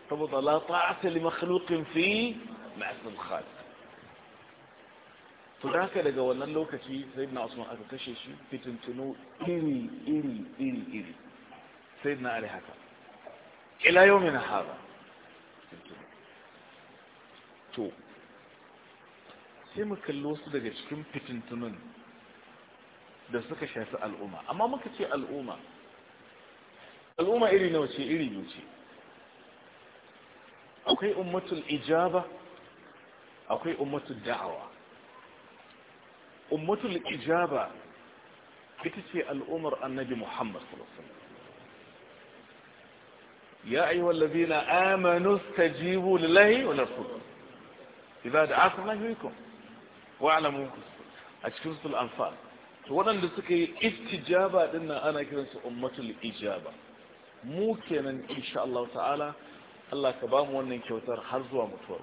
saboda la ta'ata li makhluqin fi ma'asil khaliq to da daga wannan lokaci sayyidina Usman aka kashe shi fitintunu iri iri iri iri sayyidina Ali haka ila yawmin hada to sai mu kalli wasu daga cikin fitintunun da suka shafi al'umma amma muka ce al'umma al'umma iri nawa ce iri biyu ce akwai ummatul ijaba akwai ummatul da'awa ummatul ijaba ita ce al'ummar annabi muhammad sallallahu alaihi wasallam يا أيها الذين آمنوا استجيبوا لله ولرسوله إذا دعاكم الله يكون واعلموا أشكرت الأنفال to waɗanda suka yi istijaba din nan ana kiransu ummatul ijaba mu kenan insha Allah ta'ala Allah ka ba mu wannan kyautar har zuwa mutuwar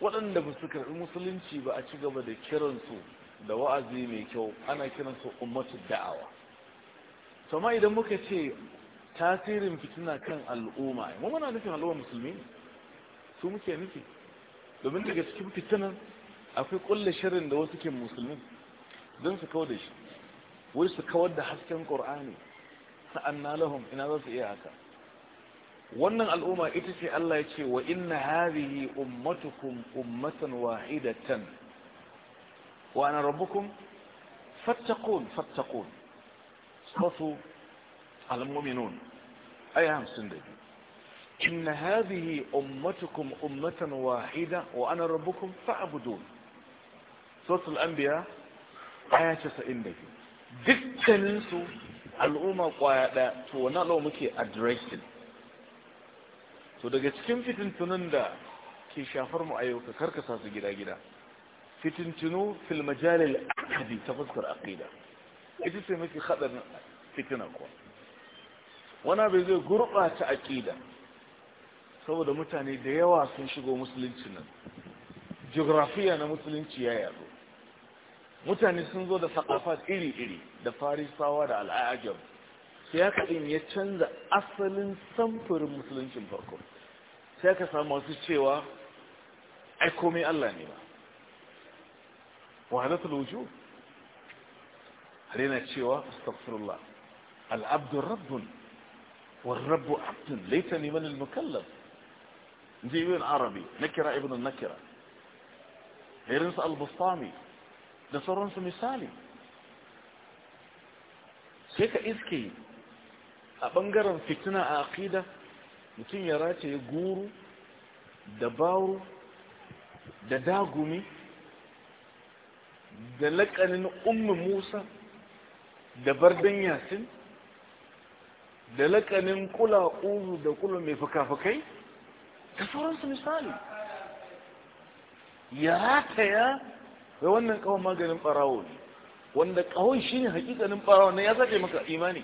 mu waɗanda ba su karɓi musulunci ba a ci gaba da kiransu da wa'azi mai kyau ana kiransu ummatul da'awa sama idan muka ce tasirin fitina kan al'umma mu muna nufin al'umma musulmi su muke nufi domin daga cikin fitinan akwai kullu shirin da wasu ke musulmi don su kawo da shi wai su kawar da hasken ƙor'ani sa'anna lahum ina za su iya haka wannan al'umma ita ce Allah ya ce wa inna hadhihi ummatukum ummatan wahidatan wa ana rabbukum fattaqun fattaqun suratu al-mu'minun aya 52 inna hadhihi ummatukum ummatan wahida wa ana rabbukum fa'budun suratu al-anbiya aya casa'in da biyu dukkaninsu al'umma kwaya ɗaya to wani alawar muke addressing to daga cikin fitintunan da ke shafar mu a yau ka karkasa su gida-gida fitintunu fil majalil akadi ta fuskar aqida ita ce mafi hadarin fitina kuwa wana bai zai gurɓata aqida saboda mutane da yawa sun shigo musulunci nan geografiya na musulunci ya yazo mutane sun zo da sakafat iri-iri da farisawa da al'ajab sai aka in ya canza asalin samfurin musuluncin farko sai aka samu wasu cewa ai komai Allah ne ba wahadatul wuju har yana cewa astaghfirullah al'abdu rabbun والرب عبد ليتني من المكلف نجيب ابن عربي نكرة ابن النكرة غير al-bustami da sauransu misali sai ka iske a ɓangaren fitina a aƙida mutum ya rataye guru da baro da dagumi da laƙanin ummi musa da bardan yasin da laƙanin kula uzu da kula mai fuka-fukai da sauransu misali ya rataya wai wannan kawon maganin barawo ne wanda kawon shi ne hakikanin barawo ne ya zaɓe maka imani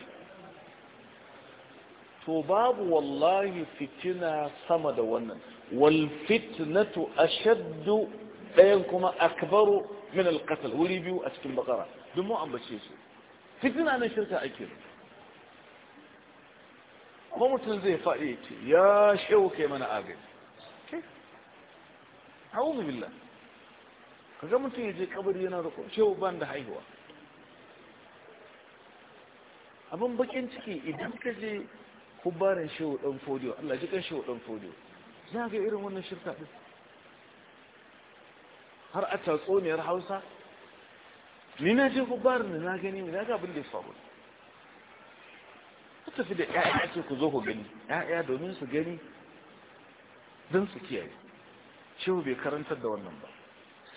to babu wallahi fitina sama da wannan wal fitnatu ashaddu ɗayan kuma akbaru min alqatl wuri biyu a cikin bakara duk mun ambace su fitina na shirka ake ko mutum zai faɗi ya ce ya shehu kai mana agaji a'udhu billah kaga mutum ya je kabari yana da cewa ban da haihuwa abin bakin ciki idan ka je kubarin shehu dan fodiyo Allah ji kan shehu dan fodiyo za ga irin wannan shirka din har a tatsuniyar Hausa ni na je kubarin da na gani mai zaga abin da ya faru ku tafi da ƴaƴa ce ku zo ku gani ƴaƴa domin su gani don su kiyaye shehu bai karantar da wannan ba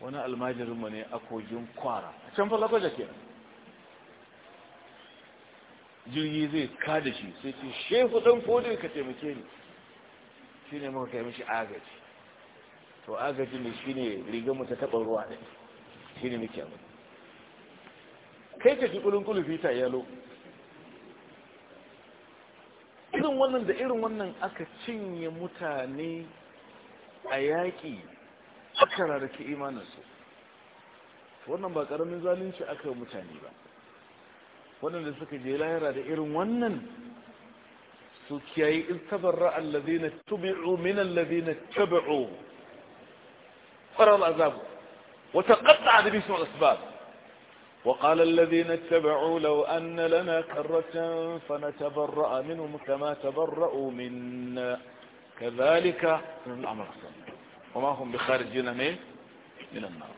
wani almajirinmu ne a kogin kwara a can falakwaja ke jirgi zai kada shi sai ce shefu don kodin ka taimake ni shi ne muka kai mishi agaji to agaji ne shi ne rigarmu ta taɓa ruwa ne shi ne muke mu. kai ka ji ƙulun ƙulufi ta yalo irin wannan da irin wannan aka cinye mutane a yaƙi aka rarraki imaninsu wannan ba ƙaramin zalunci aka mutane ba waɗanda suka je lahira da irin wannan su kiyayi in tabarra allazina tubi'u min allazina tabi'u faral azab wa taqatta'a bihim al-asbab وقال الذين اتبعوا لو أن لنا كرة فنتبرأ منهم كما تبرأوا منا كذلك من الأمر الصالح وما هم بخارجين من من النار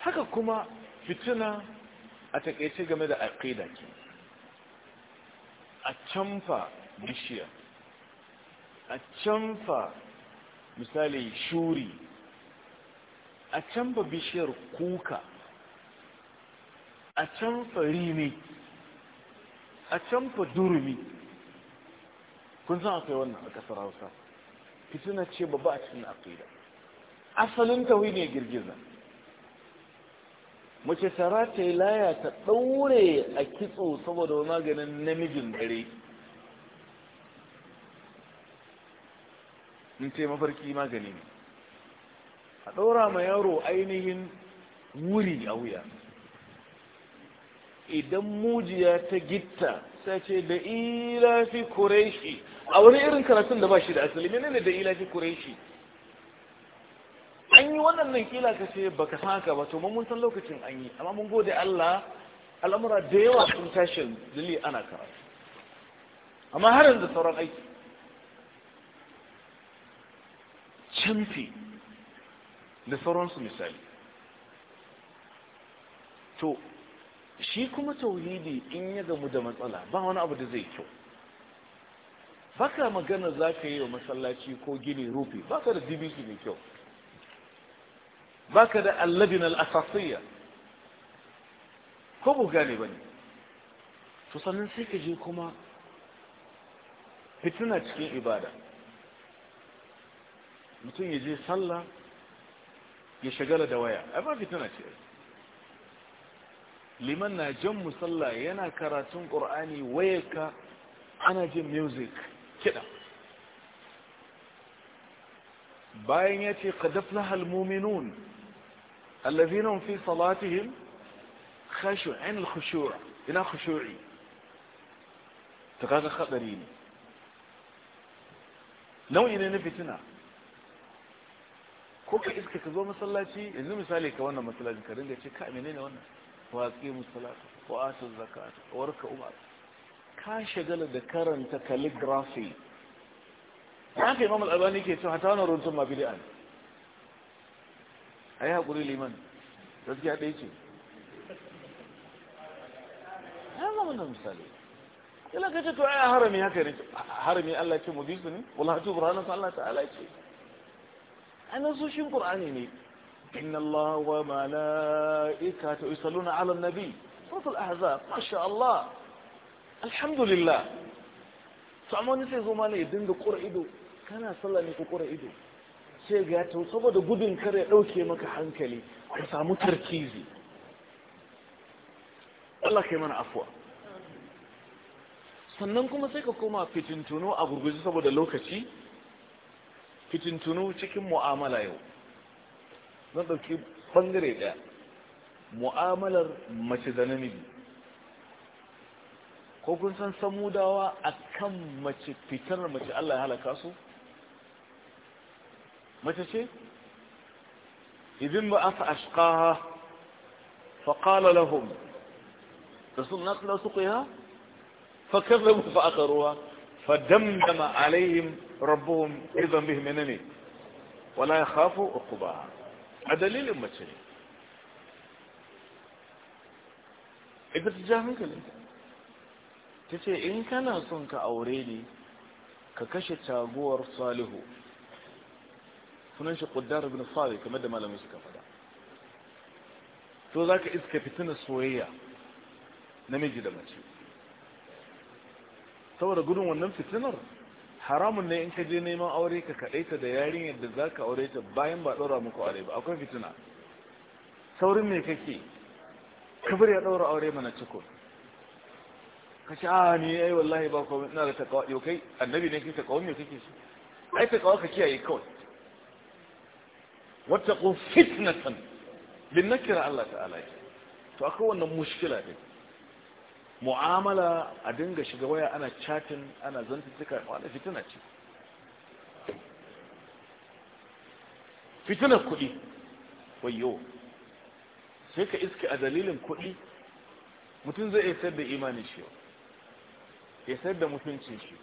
haka kuma fitina a takaice game da aqida ke a canfa bishiya a canfa misali shuri a canfa bishiyar kuka a canfa rimi a canfa durumi kun san akwai wannan a kasar hausa fitina ce ba ba a cikin aqida asalin tauhidi ne girgiza mace tara ta laya ta ɗaure a kitso saboda maganin namijin dare in ce mafarki magani ne a ɗaura ma yaro ainihin wuri a wuya idan mujiya ta gitta sai ce da ila fi kureshi a wani irin karatun da ba shi da asali ne da ila kure kureshi an yi wannan nan kila ka ce ba ka haka ba to mun san lokacin an yi amma mun gode Allah al'amura da yawa sun tashi dalili ana karatu amma har yanzu sauran aiki canfi da sauransu misali to shi kuma tauhidi in ya gamu da matsala ba wani abu da zai kyau baka magana za ka yi wa masallaci ko gini rufi baka da dibiki mai kyau baka da allabin al'asasiyya ko bu gane ba ne to sannan sai ka je kuma fitina cikin ibada mutum ya je sallah ya shagala da waya a ba fitina ce liman na jan musalla yana karatun ƙur'ani wayarka ana jin music kiɗa bayan ya ce ƙadafla halmominun allazinan fi salatihim khashu'in khushu'a ina khushu'i ta kaga haɗari ne nau'i ne na fitina ko ka iska ka zo masallaci yanzu misali ka wannan masallaci ka ringa ce ka menene wannan wa aqimu salata wa atu zakata wa raka umar ka shagala da karanta calligraphy na ka imam al'abani ke cewa ta wani runtun mafi da'an a yi haƙuri liman gaskiya ɗaya ce ya zama da misali yana ka ce to ai harami haka ne harami Allah ce mudisu ne wala hatu burhanansa Allah ta'ala ce a nasoshin ƙur'ani ne إن الله وملائكته يصلون على النبي صوت الأحزاب ما شاء الله alhamdulillah su amma sai zo na ya dinga kura ido kana sallah ne ko kura ido sai ga to saboda gudun kar ya ɗauke maka hankali ka samu tarkizi Allah kai mana afuwa sannan kuma sai ka koma fitintuno a gurguje saboda lokaci fitintuno cikin mu'amala yau zan ɗauki ɓangare ɗaya mu'amalar mace da namiji ko kun san samudawa akan mace fitar mace Allah ya halaka su mace ce idin ba afa ashqaha fa qala lahum rasulna sallallahu suqiha fa kadhabu fa akharuha fa damdama alaihim rabbuhum idan bihim minani wala yakhafu uqbaha adalilin mace ne ita ta ja hankalinta ta ce in kana son ka aure ni ka kashe taguwar salihu sunan shi kuddar ibn salih kamar da malamai suka fada to za ka iska fitina soyayya namiji da mace saboda gudun wannan fitinar haramun ne in ka je neman aure ka kaɗaita da yarinyar da za ka aure ta bayan ba ɗora muku aure ba akwai fitina saurin me kake kabir ya ɗaura aure mana cikin ka ce a ah, ni ai wallahi ba komai ina da takawa yau kai annabi ne ke takawa ne kake shi. ai takawa ka kiyaye kawai wattaqu fitnatan bin nakira Allah ta'ala to akwai wannan mushkila din mu'amala a dinga shiga waya ana catin, ana zantuttuka wala fitina ce fitinar kuɗi wayo sai ka iske a dalilin kuɗi mutum zai isar da imanin shi yau ya sayar da mutuncin shi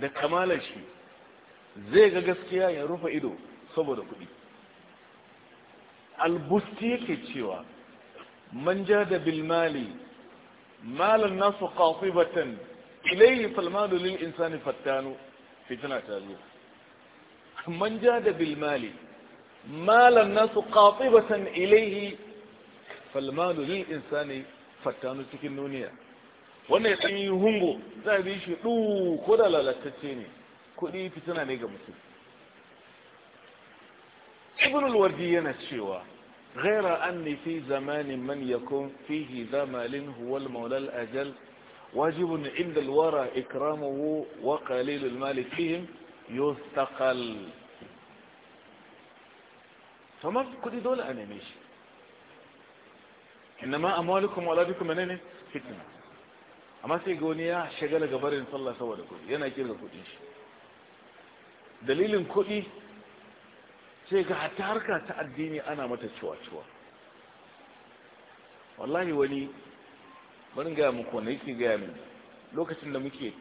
da kamalar shi zai ga gaskiya ya rufe ido saboda kuɗi albusti yake cewa Manja da bilmali malan nasu qatibatan ilayi falmalu lil insani fattanu fitina ta zo man ja da bilmali malan nasu qatibatan ilayhi falmalu lil insani fattanu cikin duniya wannan ya ɗan yi hungo za a bi shi ɗu ko da lalatacce ne kuɗi fitina ne ga mutum ibn al-wardi yana cewa غير أني في زمان من يكون فيه ذا مال هو المولى الأجل واجب عند الورى إكرامه وقليل المال فيهم يستقل فما كل دول أنا ماشي إنما أموالكم وأولادكم منين فتنة amma sai ga wani ya shagala ga barin sallah saboda kuɗi yana kirga kuɗin shi dalilin kuɗi sai ga hatta harka ta addini ana mata ciwa-ciwa wallahi wani barin gaya muku wanda yake gaya min lokacin da muke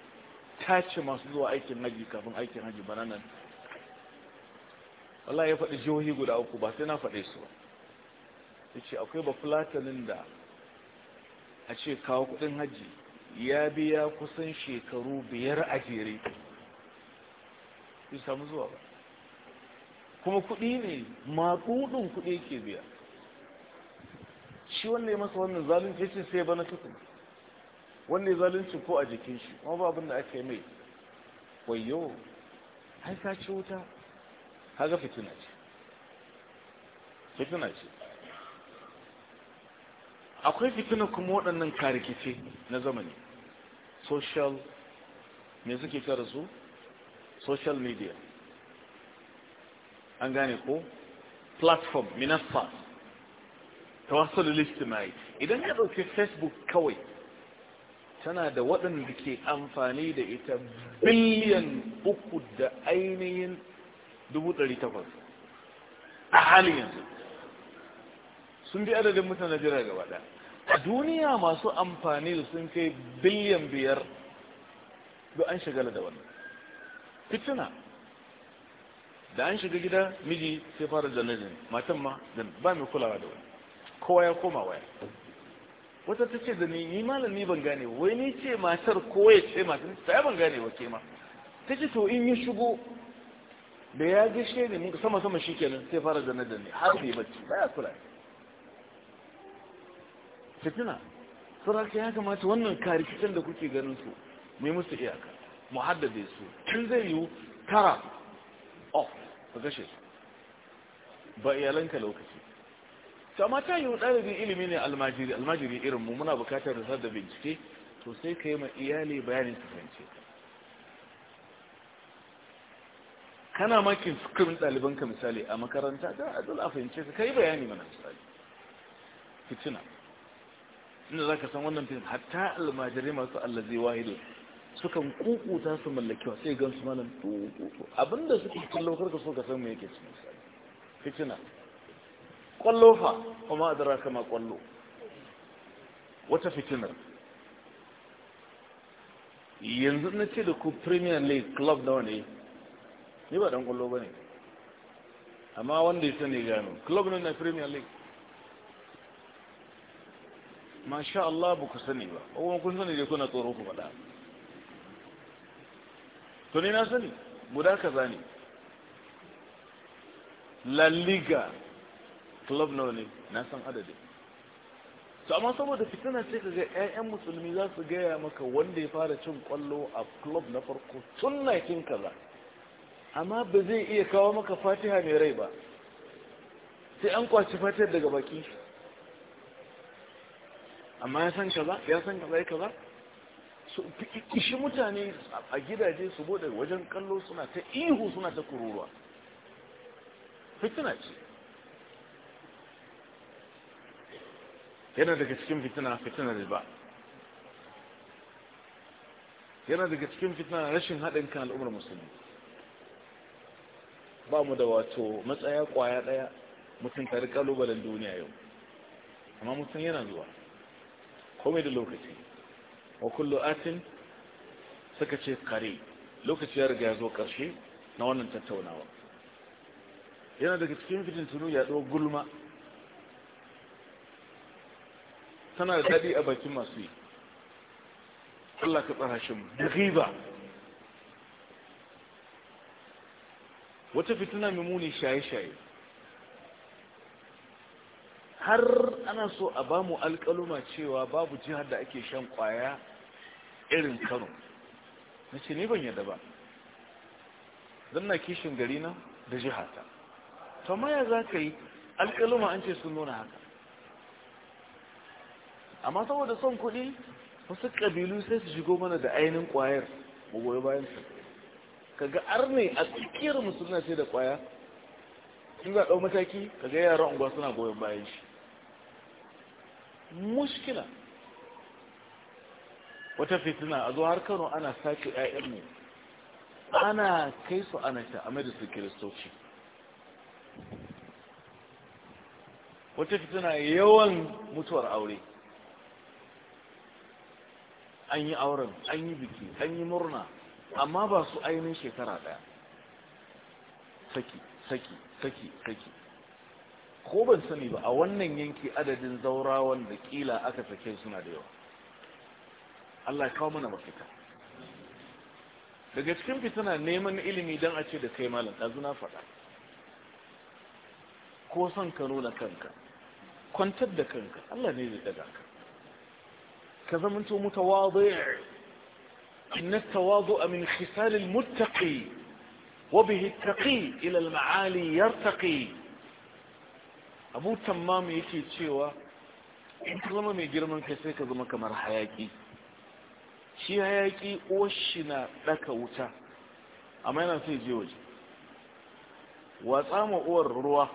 tace masu zuwa aikin haji kafin aikin haji bana nan wallahi ya faɗi jihohi guda uku ba sai na faɗe su ya ce akwai ba fulatanin da a ce kawo kuɗin haji ya biya kusan shekaru biyar a jere bai samu zuwa ba kuma kuɗi ne maɗuɗin kuɗi ke biya shi wanda ya masa wannan zalunci ce sai na tukun wanda ya zalunci ko a jikin shi kuma ba abin da aka yi mai wayo haika ce ci wuta kaga fitina ce fitina ce akwai fitina kuma waɗannan karikice na zamani social me suke kira su social media an gane ko platform minasta tawassul mai. idan ya ɗauki facebook kawai tana da waɗanda ke amfani da ita biliyan uku da ainihin dubu ɗari takwas a halin yanzu sun bi adadin mutane jira gaba ɗaya a duniya masu amfani da sun kai biliyan biyar duk an shagala da wannan fitina da an shiga gida miji sai fara janajin matan ma ba mai kulawa da wani kowa ya koma waya wata ta ce da ni ni malam ni ban gane wai ni ce matar ko ya ce matar ta ya ban gane wa ke ma ta ce to in yi shigo da ya gishe ne sama sama shi kenan sai fara zanar da ni har bai bacci ya kula ne fitina haka ya kamata wannan karikitan da kuke ganin su mai musu iyaka mu haddade su tun zai yiwu tara of ka kashe su ba iyalanka lokaci to ta yiwu ɗalibin ilimi ne almajiri almajiri irin mu muna bukatar da da bincike to sai ka yi ma iyali bayanin su fahimce kana makin sukurin ɗalibanka misali a makaranta ta a dole a fahimce ka yi bayani mana misali fitina inda za ka san wannan fim hatta almajirai masu allazi wahidu sukan kukuta su mallakewa sai gan su malam tukutu abinda suke kallo karka so ka san me yake cikin fitina kwallo fa kuma adara kama kwallo wata fitinar yanzu na ce da ku premier league club nawa ne ni ba dan kwallo ba ne amma wanda ya sani gano club ne na premier league masha Allah ba ku sani ba kuma kun sani dai kuna tsoro ku faɗa to ni na sani guda kaza ne La Liga club nawa ne na san adadin to amma saboda fitina ce ka ga 'ya'yan musulmi za su gaya maka wanda ya fara cin kwallo a club na farko tun na kin kaza amma ba zai iya kawo maka fatiha mai rai ba sai an kwaci fatiha daga baki amma ya san kaza ya san kaza ya kaza su kishi mutane a gidaje su bude wajen kallo suna ta ihu suna ta kururuwa fitina ce yana daga cikin fitina fitina riba yana daga cikin fitina rashin haɗin kan al'ummar musulmi ba mu da wato matsaya kwaya ɗaya mutum tare kalubalen duniya yau amma mutum yana zuwa komai da lokaci wa kullu atin suka ce kare lokaci ya riga ya zo karshe na wannan tattaunawa yana daga cikin fitin tunu ya gulma tana da daɗi a bakin masu yi Allah ka tsara shi da riba wata fitina mai muni shaye-shaye har ana so a ba mu cewa babu jihar da ake shan ƙwaya irin kano na ce ni ban yadda ba Zan na kishin gari na da jihata ta maya za ka yi an ce sun nuna haka amma saboda son kuɗi wasu kabilu sai su shigo mana da ainihin ƙwayar magoyi bayan su kaga arne a tsakiyar musulna sai da kwaya sun za ɗau mataki kaga yaran unguwa suna goyon bayan shi mushkila wata fitina a zuwa har kano ana sake 'ya'yanmu ana kai su ana ta a madisun kiristoci wata fitina yawan mutuwar aure an yi auren an yi biki an yi murna amma ba su ainihin shekara daya saki saki saki saki ko ban sani ba a wannan yanki adadin zaurawan da kila aka sake suna da yawa Allah ya kawo mana mafita daga cikin fitana neman ilimi dan a ce da kai malam ɗazu na faɗa ko son ka nuna kanka kwantar da kanka Allah ne zai daga ka ka zama zamanto mutawadi inna min إن التواضع من خصال المتقي taqi ila al-ma'ali yartaqi abu tammamu yake cewa in ka zama mai girman ka sai ka zama kamar hayaki shi hayaki oshi na daka wuta amma yana sai je waje watsa uwar ruwa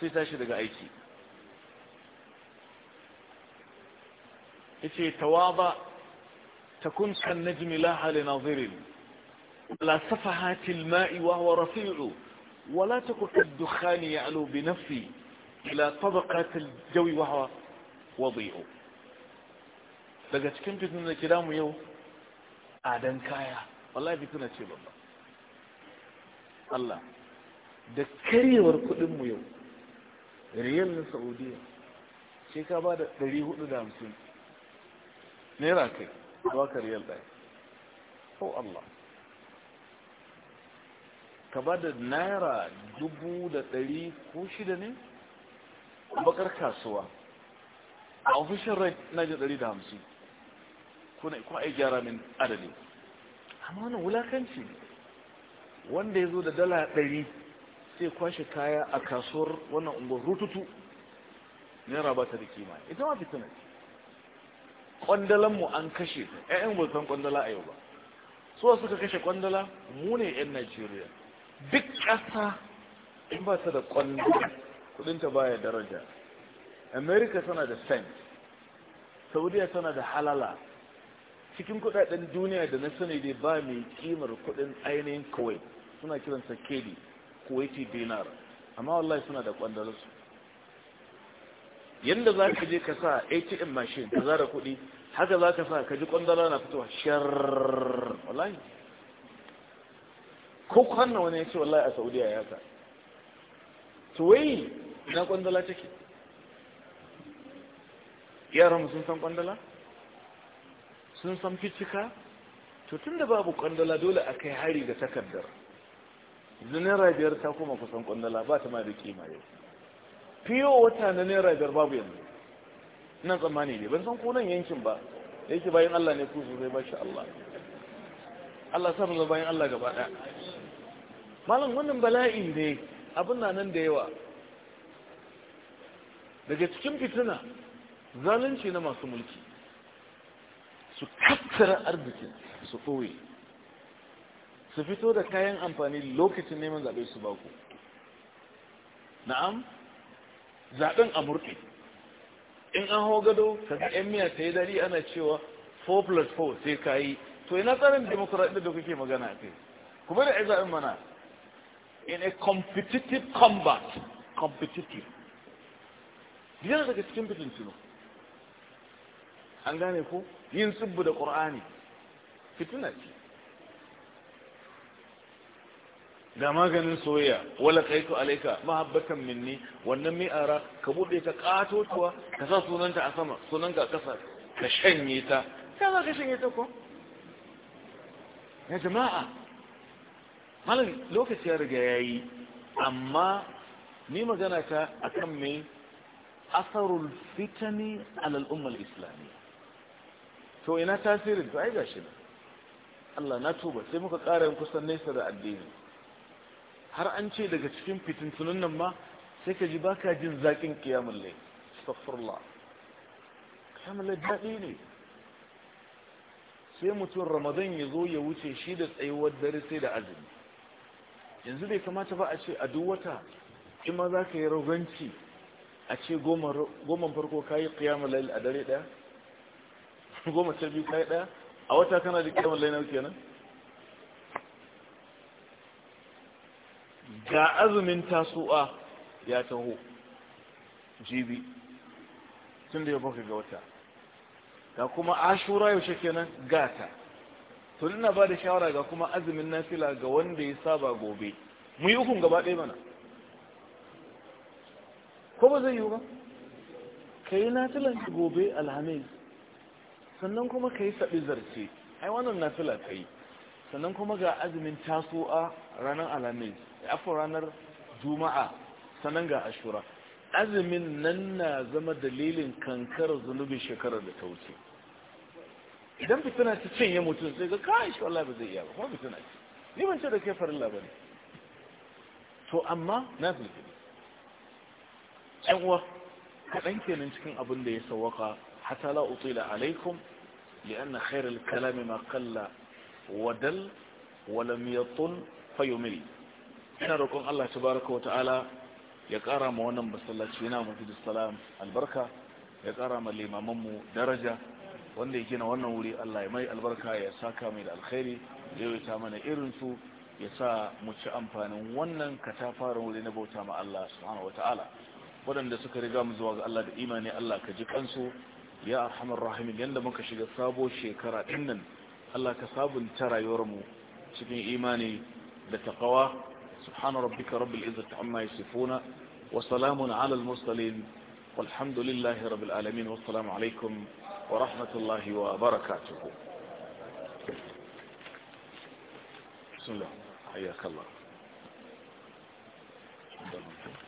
sai tashi daga aiki yace tawaba takun kan najmi la hal nazirin la safahatil ma'i wa Wala rafi'u ولا تكن الدخان ila tabaqatil jawi wa huwa wadi'u daga cikin fitinin da ke damu yau adan kaya wallahi fitina ce babba Allah da karewar kudin mu yau riyal na saudiya sai ka ba da 450 naira kai ba ka riyal ɗaya oh Allah ka ba da naira dubu da ɗari ko shida ne bakar kasuwa a ofishin rai na ji 150 kuna kuma ai gyara min adadi amma wani wulakanci wanda ya zo da dala ɗari sai kwashe kaya a kasuwar wannan unguwar rututu naira ba ta da kima ita ma fitina ce kwandalanmu an kashe ta 'ya'yan wulkan kwandala a yau ba suwa suka kashe kwandala mu ne 'yan najeriya duk ƙasa in ba ta da kwandala kudinta baya daraja america tana da cent saudiya tana da halala cikin kudaden duniya da na sani dai ba mai kimar kudin ainihin kuwait suna kiransa kedi kuwaiti dinar amma wallahi suna da kwandalarsu yadda za ka je ka sa atm machine ka zara kudi haka za ka sa ka ji kwandala na fitowa shar wallahi ko kwanan wani ya ce wallahi a saudiya ya sa ina kwandala take yaran sun san kwandala sun san fitika to tun da babu kwandala dole a kai hari ga takardar yanzu naira biyar ta kuma kusan kwandala ba ta ma da kima yau fiye wata na naira biyar babu yanzu ina tsammani ne ban san ko nan yankin ba da yake bayan Allah ne ku zai ba shi Allah Allah sa mu bayan Allah gaba ɗaya malam wannan bala'i ne abin na nan da yawa daga cikin fitina zalunci na masu mulki su kattara arzikin su ɓoye su fito da kayan amfani lokacin neman zaɓe su baku na'am zaɓen a murɗe in an hau gado ka ga 'yan miya ta yi dari ana cewa 4 plus 4 sai ka yi to ina tsarin demokuraɗin da kuke magana ta kuma da ya zaɓen mana in a competitive combat competitive biyar daga cikin fitintunu an gane ko yin tsibbu da ƙur'ani fitina ce da maganin soyayya wala kaitu alaika mahabbatan minni wannan mai ka buɗe ta ƙatotuwa ka sa sunanta a sama sunan ga kasa ka shanye ta ta za ka shanye ta ko ya jama'a malam lokaci ya riga yayi amma ni magana ta akan mai asarul fitani alal ummar islamiyya to ina tasirin to ai gashi nan Allah na tuba sai muka ƙara kusan nesa da addini har an ce daga cikin fitintunan nan ma sai ka ji baka jin zaƙin kiyamun lai astaghfirullah kiyamun lai daɗi ne sai mutum ramadan ya zo ya wuce shi da tsayuwar dare sai da azumi yanzu bai kamata ba a ce a duk wata in ma za ka yi roganci a ce goma farko ka yi ƙiyamar lail a dare ɗaya goma ta biyu ka yi a wata kana da ƙiyamar lail nauke nan ga azumin tasu'a ya taho jibi tun da ya baka ga wata ga kuma ashura yaushe kenan gata tun ina ba da shawara ga kuma azumin nafila ga wanda ya saba gobe mu yi ukun gaba ɗaya mana ko ba zai yi ba ka yi nafilan gobe alhamis sannan kuma ka yi saɓi zarce ai wannan natila ka yi sannan kuma ga azumin taso'a ranar alhamis fi ranar juma'a sannan ga ashura azumin nan na zama dalilin kankar zunubin shekarar da ta wuce idan fitina ta cinye mutum sai ga kai shi wallahi ba zai iya ba kuma fitina ce ni ban ce da kai farin labari ne to amma na filfili yan uwa kaɗan kenan cikin abin da ya sawaka hatta la utila alaikum li'anna khairul kalami ma qalla wa dal wa lam yatun fayumil ina roƙon Allah tabaraka wa ta'ala ya ƙara ma wannan masallaci na da salam albarka ya ƙara ma limaman mu daraja wanda ya gina wannan wuri Allah ya mai albarka ya saka mai da alkhairi ya ta mana irin su ya sa mu ci amfanin wannan katafaren wuri na bauta ma Allah subhanahu waɗanda suka riga mu zuwa ga Allah da imani Allah ka ji kansu ya arhamar rahimin yanda muka shiga sabo shekara din nan Allah ka sabunta rayuwar mu cikin imani da taqwa subhana rabbika rabbil izzati amma yasifuna wa salamun ala al mursalin walhamdulillahi rabbil alamin wassalamu alaikum wa rahmatullahi wa barakatuh بسم الله Thank you.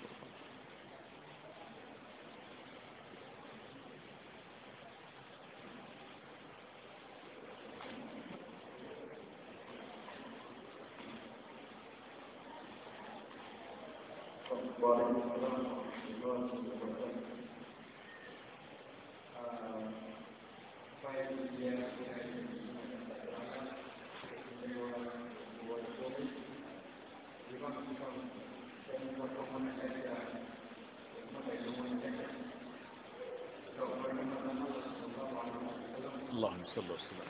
اللهم صل وسلم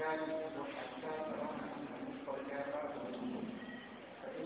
وبارك على محمد وعلى اله وصحبه اجمعين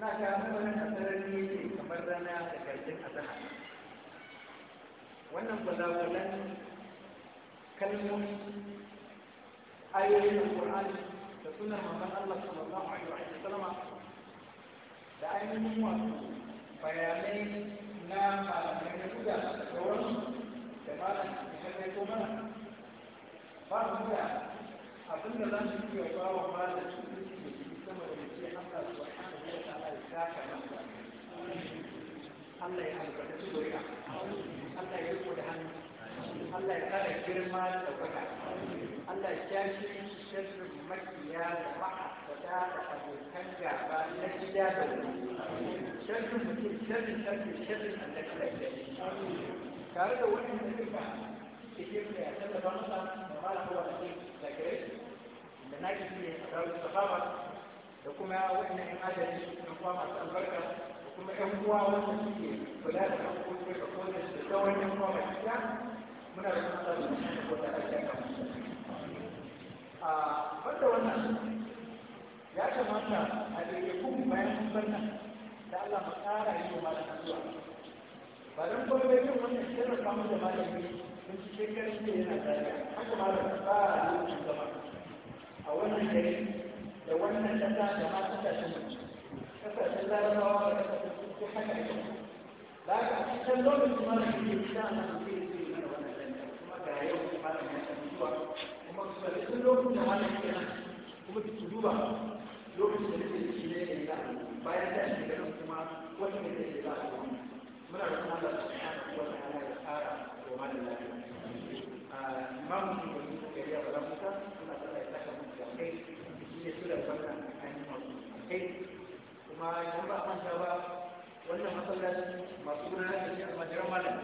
na ta wani sarari ne kamar rana da a azaha wannan balawalan kalmomi ayoyin alƙur'ani da sunan mamman Allah sallallahu alaihi wa sallama da ainihin wasu bayanai na malamai na guda da wani da malam da ko mana ba su da abin da za mu iya ba wa malam su ne sama da ya Allah subhanahu Allah ya albarkaci zuriya Allah ya riko da hannu Allah ya kara girma da ɗaukaka Allah ya kyashi shirin makiya da ma'asada da abokan gaba na gida da wani shirin mutum shirin shirin shirin da kala da tare da wani mutum ba ke ke mai a tallafa masa da malakowa da ke da gare da na ke ne a rawar da da kuma wannan yan adadi da kuma masu albarka da kuma yan uwa wanda suke kula da hukumar da kuma da sauran yan uwa gida muna da kuma da ko da ake a wanda wannan ya kamata a daidai kuma bayan wannan da Allah ma tsara yi wa malam zuwa ba dan kuma bai yin wannan sirrin kamar da malami sun ci shekaru ne yana tsariya haka malam tsara lokacin zama a wannan gari da wannan ƙasa da ma ƙasashen ƙasashen larabawa da ƙasashen haka ake ba ka a cikin lokacin mana shi ne sa na su ke yi mana wannan dangar kuma ga yau kuma da ya san zuwa kuma su bari sun lokacin da mana ke nan kuma su duba lokacin da ke ci ne da ya bayan da shi garin kuma wata ne da ya za a yi muna da kuma da su ne a wata hana da tsara wa mana lafiya. Ah, Imam Musulmi ɗaukaka a kayan kai kuma idan ba a manta ba wannan masallaci masu gudanar da shi a majalar malam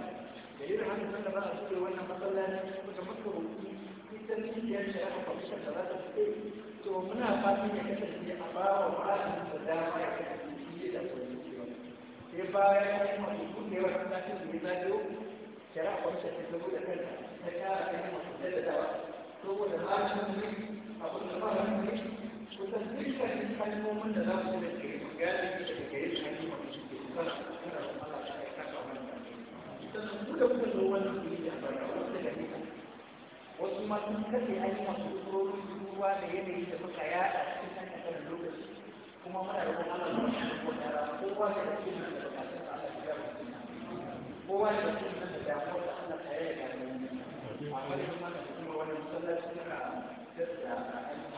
da yi da hannun da ba a tura wannan masallaci kuka maka rubutu kusan cibiyar da aka kwamishin da za ta fi to muna fatan ya kasance a ba wa malamin da dama ya kasance shi da kwamishin sai bayan ya yi masu kudewar masallacin da ya zaɗo shari'a kwamishin ta zabo da kanta ta kara kai masu jaddadawa saboda malamin ne abin da malamin ne kusan dukkanin kalmomin da za su da ke gane da gare yi hanyar da suke kusa da kuma da Allah ta aika ka wannan sannan ku da kuka zo wannan kuri da bara wasu da kuka wasu ma sun kace an yi kurorin ruwa da yanayi da muka yada cikin kan lokaci kuma muna da kuma Allah ta aika ko tara kowa da cikin nan da bukatun Allah ta aika kowa da cikin nan da damuwar da Allah ta aika da mu amma da kuma wannan sallar suna da da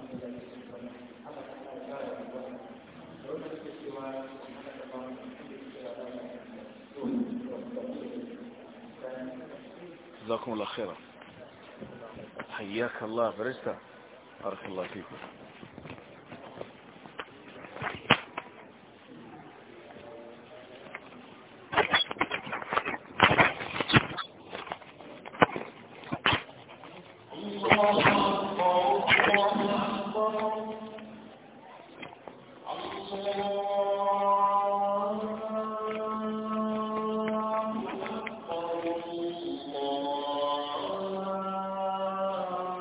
جزاكم الله خيرا حياك الله فرشتة بارك الله فيكم